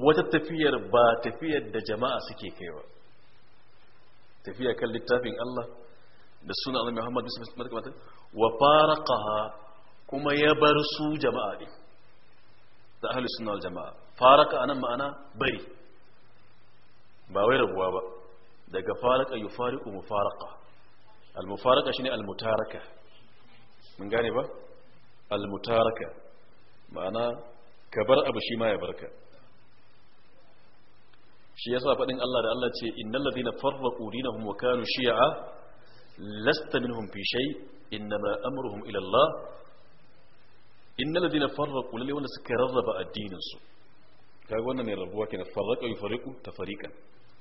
wata tafiyar ba tafiyar da jama'a suke ba tafiya kan littafin Allah da suna annabi Muhammad sallallahu alaihi wa faraqaha kuma ya bar su jama'a ne da ahli sunna wal jama'a faraka anan ma'ana bari ba wai rabuwa ba daga faraka yufariqu mufaraqa al mufaraqa shine al mutaraka mun gane ba al mutaraka ma'ana ka bar abu shi ma ya barka shi yasa fadin Allah da Allah ce innal ladina farraqu dinahum wa kanu shi'a lasta minhum fi shay innama amruhum ila Allah innal ladina farraqu lalle wanda suka rarraba addinin su wannan ne rabuwa kenan farraqa yufariqu tafariqan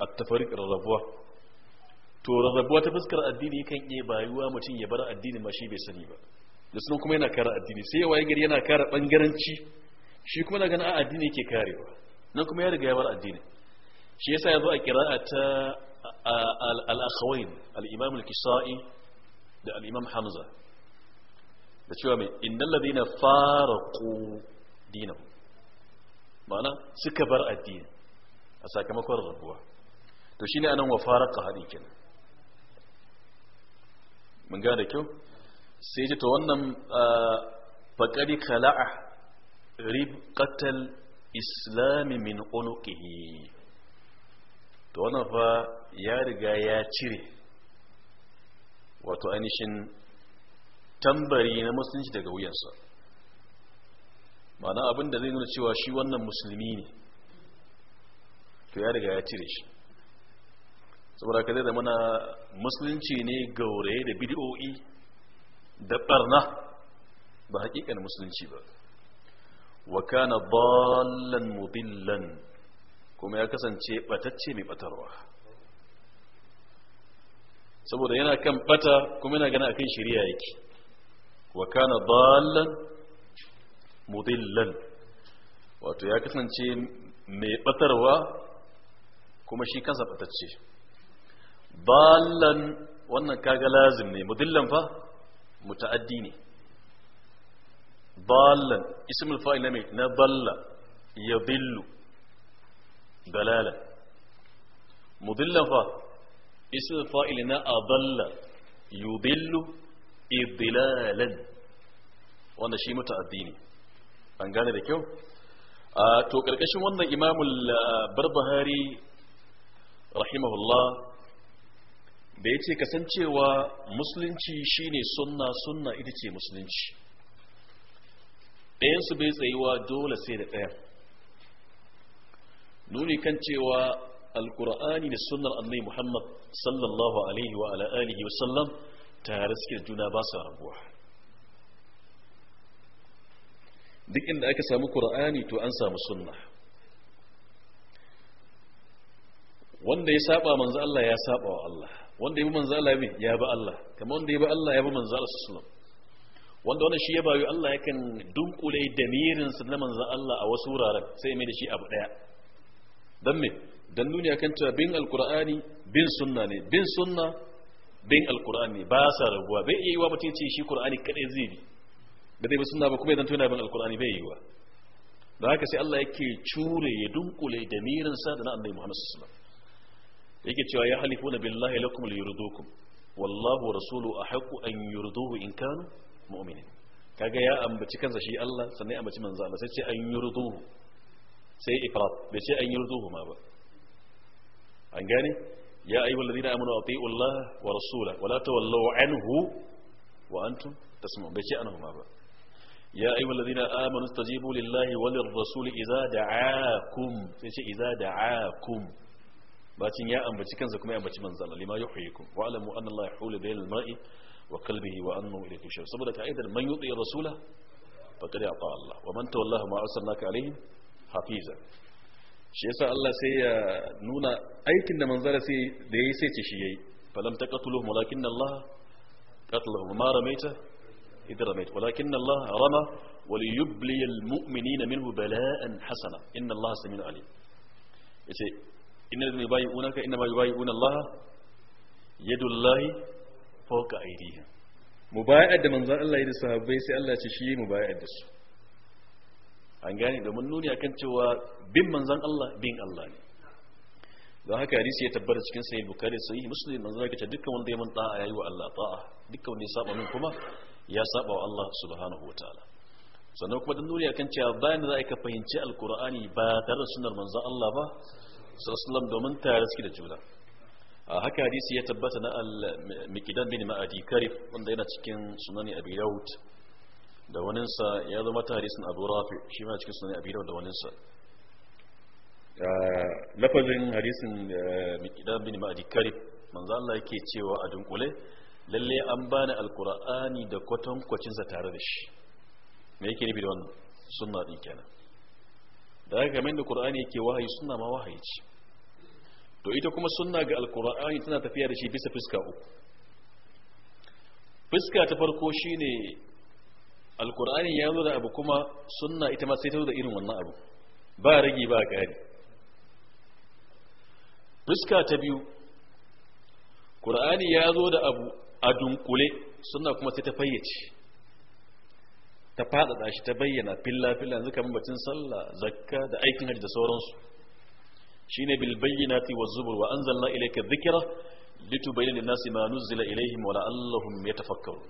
at-tafariq rarrabuwa to rarrabuwa ta fuskar addini kan iya bayuwa mutum ya bar addini ma shi bai sani ba da sunan kuma yana kara addini sai waye gari yana kara bangaranci shi kuma na ganin addini yake karewa nan kuma ya riga ya bar addini shi yasa yazo a kira'a ta al-akhawain al kisai da al hamza da cewa mai innal fara faraqu dinahum ma'ana suka bar addini a sakamakon rabuwa to shine anan wa ka hadin kenan mun ga da kyau sai ji to wannan faqari kala'a ribqatal islam min unuqihi to wannan fa ya riga ya cire wato ainihin tambari na musulunci daga wuyansa mana abin da zai nuna cewa shi wannan musulmi ne to ya riga ya cire shi saboda ka zai da mana musulunci ne gauraye da bidiyoyi da barna ba hakikan musulunci ba wa kana ballan mudillan kuma ya kasance batacce mai batarwa saboda yana kan bata kuma yana gana akan shari'a yake wa kana dallan mudillan wato ya kasance mai batarwa kuma shi kansa batacce dallan wannan kaga lazim ne mudillan fa muta'addi ne dallan ismul fa'il na dalla yadillu dalala mudillan fa isu fa'il na adalla yudillu idlalan wannan shi muta'addi ne an gane da kyau to karkashin wannan imamul barbahari rahimahullah da ya ce kasancewa musulunci shine sunna sunna ita ce musulunci
ɗayansu bai tsayuwa
dole sai da ɗaya nuni kan cewa alkur'ani da sunnar annai muhammad sallallahu alaihi wa ala alihi wasallam tare suke juna ba su rabuwa duk inda aka samu qur'ani to an samu sunna wanda ya saba manzo Allah ya saba wa Allah wanda ya bi manzo Allah ya bi Allah kamar wanda ya bi Allah ya bi manzo Allah sallallahu wanda wannan shi ya bayu Allah yakan dunkule damirin sa na manzo Allah a wasu wuraren sai ya mai da shi abu daya dan me dan nuni akan cewa bin alqur'ani bin sunna ne bin sunna bin alqur'ani ba sa rabuwa bai iya yiwa mutum ce shi qur'ani kadai zai bi da dai ba sunna ba kuma idan tuna bin alqur'ani bai yiwa da haka sai Allah yake cure ya dunkule da mirinsa da na annabi Muhammad sallallahu alaihi wasallam yake cewa ya halifuna billahi lakum liyurdukum wallahu rasulu ahqqu an yurduhu in kanu mu'minin kaga ya ambaci kansa shi Allah sannan ya ambaci manzo Allah sai ce an yurduhu sai ifrat bai ce an yarzuhuma ba an gane ya ayyuhal ladina amanu atiiu Allah wa rasulahu wa la tawallu anhu wa antum tasma'un bai ce anhuma ba يا أيها الذين آمنوا استجيبوا لله وللرسول إذا دعاكم سيشي إذا دعاكم باتين يا أم باتي كنزكم يا أم باتي منزل لما يحييكم واعلموا أن الله يحول بين الماء وقلبه وأنه إليه يشير صبرك أيضا من يطيع الرسول فقد أعطى الله ومن تولاه ما أرسلناك عليهم hafiza shi yasa Allah sai ya nuna aikin da manzara sai da yayi sai ce shi yayi falam taqatuluhum walakinna Allah qatalahum ma ramaita idh ramait walakinna Allah rama وليبلي المؤمنين منه بلاء حسنا إن الله سميع عليم yace inna ladina yubayyi'unaka inna ma yubayyi'una Allah yadu Allah fawqa aydihim mubay'at da manzon Allah ya da sahabbai sai Allah ya ce shi mubay'at da su an gane domin nuni akan cewa bin manzan Allah bin Allah ne don haka hadisi ya tabbata cikin sahih bukhari sahih muslim manzon Allah ce dukkan wanda ya manta a yayi wa Allah ta'a dukkan wanda ya saba min kuma ya saba wa Allah subhanahu wataala sannan kuma dan nuni akan cewa bayan da za ka fahimci alqur'ani ba tare da sunnar manzon Allah ba sallallahu domin tare suke da juna a haka hadisi ya tabbata na al-miqdan bin ma'adi karif wanda yana cikin sunani abi daud da waninsa ya zama ta hadisin abu rafi shi ma cikin sunan abi da waninsa lafazin hadisin eh, mikidan bin ma'adi karib manzo Allah yake cewa a dunkule lalle an bani alqur'ani da kwaton kwacinsa tare da shi me yake nufi da wannan sunna din kenan da haka kamar da qur'ani yake wahayi sunna ma wahayi ce to ita kuma sunna ga alqur'ani tana tafiya da shi bisa fuska uku fuska ta farko shine alkur'ani ya zo da abu kuma sunna ita ma sai ta da irin wannan abu ba rage ba gari fuska ta biyu ƙur'ani ya zo da abu a dunkule sunna kuma sai ta fayyace ta faɗaɗa shi ta bayyana filla-filla yanzu kamar batun sallah zakka da aikin hajji da sauransu shine bil bayyinati wa zubur wa anzalna ilayka dhikra litubayyana lin-nasi ma nuzila ilayhim wa la'allahum yatafakkarun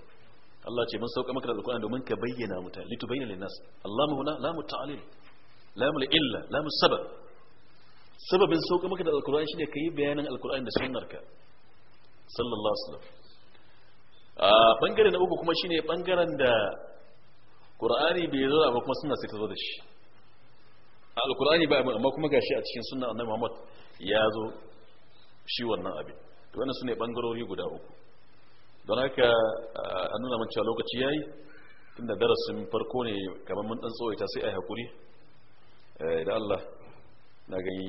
Allah ce mun sauka maka da alkur'ani domin ka bayyana mutane litubayyana linnas Allah mu huna la mutalil la mu illa la mu sabab sababin sauka maka da alkur'ani shine kai bayanin alkur'ani da sunnarka sallallahu alaihi wasallam a bangare na uku kuma shine bangaren da qur'ani bai zo ba kuma sunna sai ta zo da shi alkur'ani ba amma kuma gashi a cikin sunna annabi Muhammad ya zo shi wannan abin to wannan sune bangarori guda uku don haka an nuna mun cewa lokaci yayi inda darasin farko ne kamar mun dan tsawaita sai ai hakuri da Allah na gani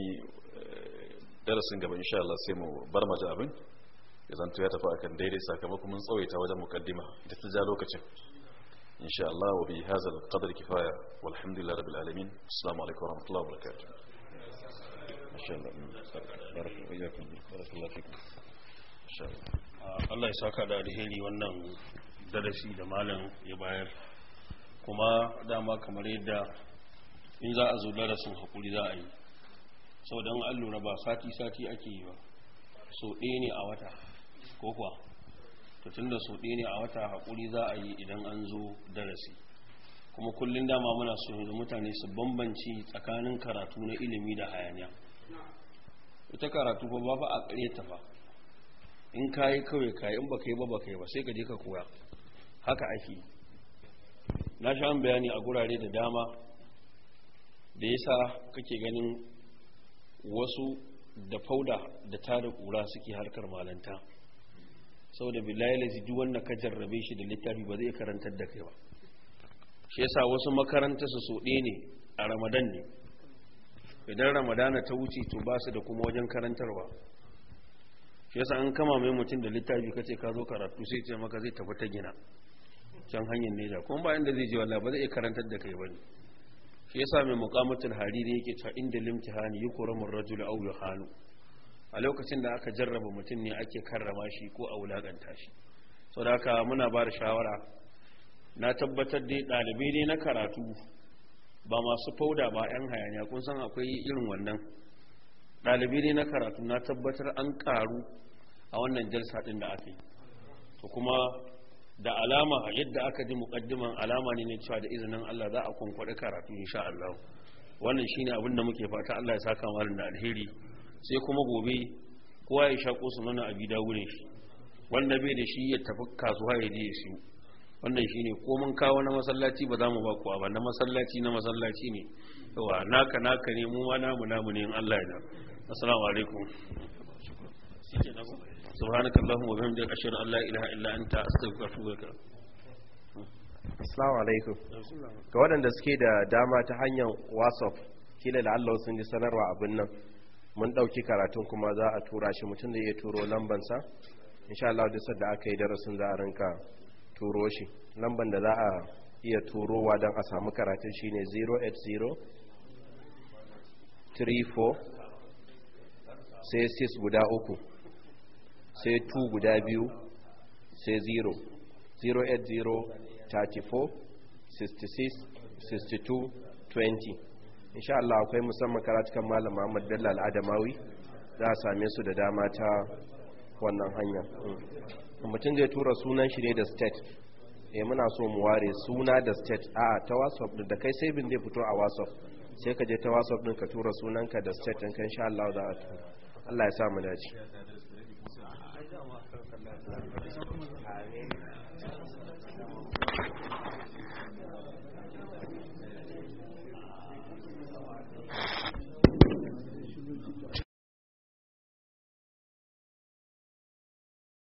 darasin gaba insha Allah sai mu bar maja abin ya zanto ya tafi akan daidai sakamakon mun tsawaita wajen mukaddima da ta ja lokacin insha Allah wa bi hadha alqadar kifaya walhamdulillahi rabbil alamin assalamu alaikum wa rahmatullahi wa barakatuh ما شاء الله بارك
الله فيكم Allah ya saka da alheri wannan darasi da malam ya bayar kuma dama kamar yadda in za a zo darasin hakuri za a yi sau don allura ba sati-sati ake yi ba sau ɗaya ne a wata ko kuwa to da sau ɗaya ne a wata hakuri za a yi idan an zo darasi kuma kullum dama muna so yanzu mutane su bambanci tsakanin karatu na ilimi da hayaniya ita karatu ba ba a ƙare ta ba in ka yi kawai ka yi in ba ka yi ba ba ka yi ba sai ka je ka koya haka ake na sha bayani a gurare da dama da ya sa kake ganin wasu da fauda da ta da kura suke harkar malanta saboda billahi lazi duk wanda ka jarrabe shi da littafi ba zai karantar da kai ba shi yasa wasu makaranta su soɗe ne a ramadan ne idan ramadana ta wuce to ba su da kuma wajen karantarwa shi yasa an kama mai mutum da littafi kace ka zo karatu sai ce maka zai tafi ta gina can hanyar ne neja kuma ba inda zai je wallahi ba zai iya karantar da kai bane shi yasa mai muqamatul hariri yake cewa inda limtihani yukramur rajul aw yuhanu a lokacin da aka jarraba mutum ne ake karrama shi ko a wulakanta shi saboda haka muna ba da shawara na tabbatar da dalibi ne na karatu ba masu fauda ba 'yan hayaniya kun san akwai irin wannan dalibi ne na karatu na tabbatar an karu. a wannan jalsa din da aka yi to kuma da alama yadda aka ji mukaddiman alama ne ne cewa da izinin Allah za a kunkuri karatu insha Allah wannan shine abin da muke fata Allah ya saka mu da alheri sai kuma gobe kowa ya shako su nuna a da wurin shi wanda bai da shi ya tafi kasuwa ya je ya siyo wannan shine ko mun kawo na masallaci ba za mu ba kuwa ba na masallaci na masallaci ne yawa naka naka ne mu wa namu namu ne in Allah ya da assalamu alaikum shike na سبحانك اللهم وبحمدك bihamdika ashhadu لا la ilaha illa anta astaghfiruka
assalamu alaikum ga waɗanda suke da dama ta hanyar whatsapp kila Allah sun ji sanarwa abin nan mun ɗauki karatun kuma za a tura shi mutum da ya turo lambansa insha Allah duk sadda aka yi darasin za a rinka turo shi lamban da za a iya turowa don a samu karatun shine 080 34 sai 6 guda uku sai 2 guda biyu sai 0 080 34 66 62 20 insha Allah akwai musamman karatukan malama Muhammad Bello Al-Adamawi za a same su da dama ta wannan hanya mm. mutum zai tura sunan shi ne da state eh muna so mu ware suna da state a ta whatsapp din da kai sai bin zai fito a whatsapp sai ka je ta whatsapp din ka tura sunanka da state din kan insha Allah za a tura Allah ya sa mu
dace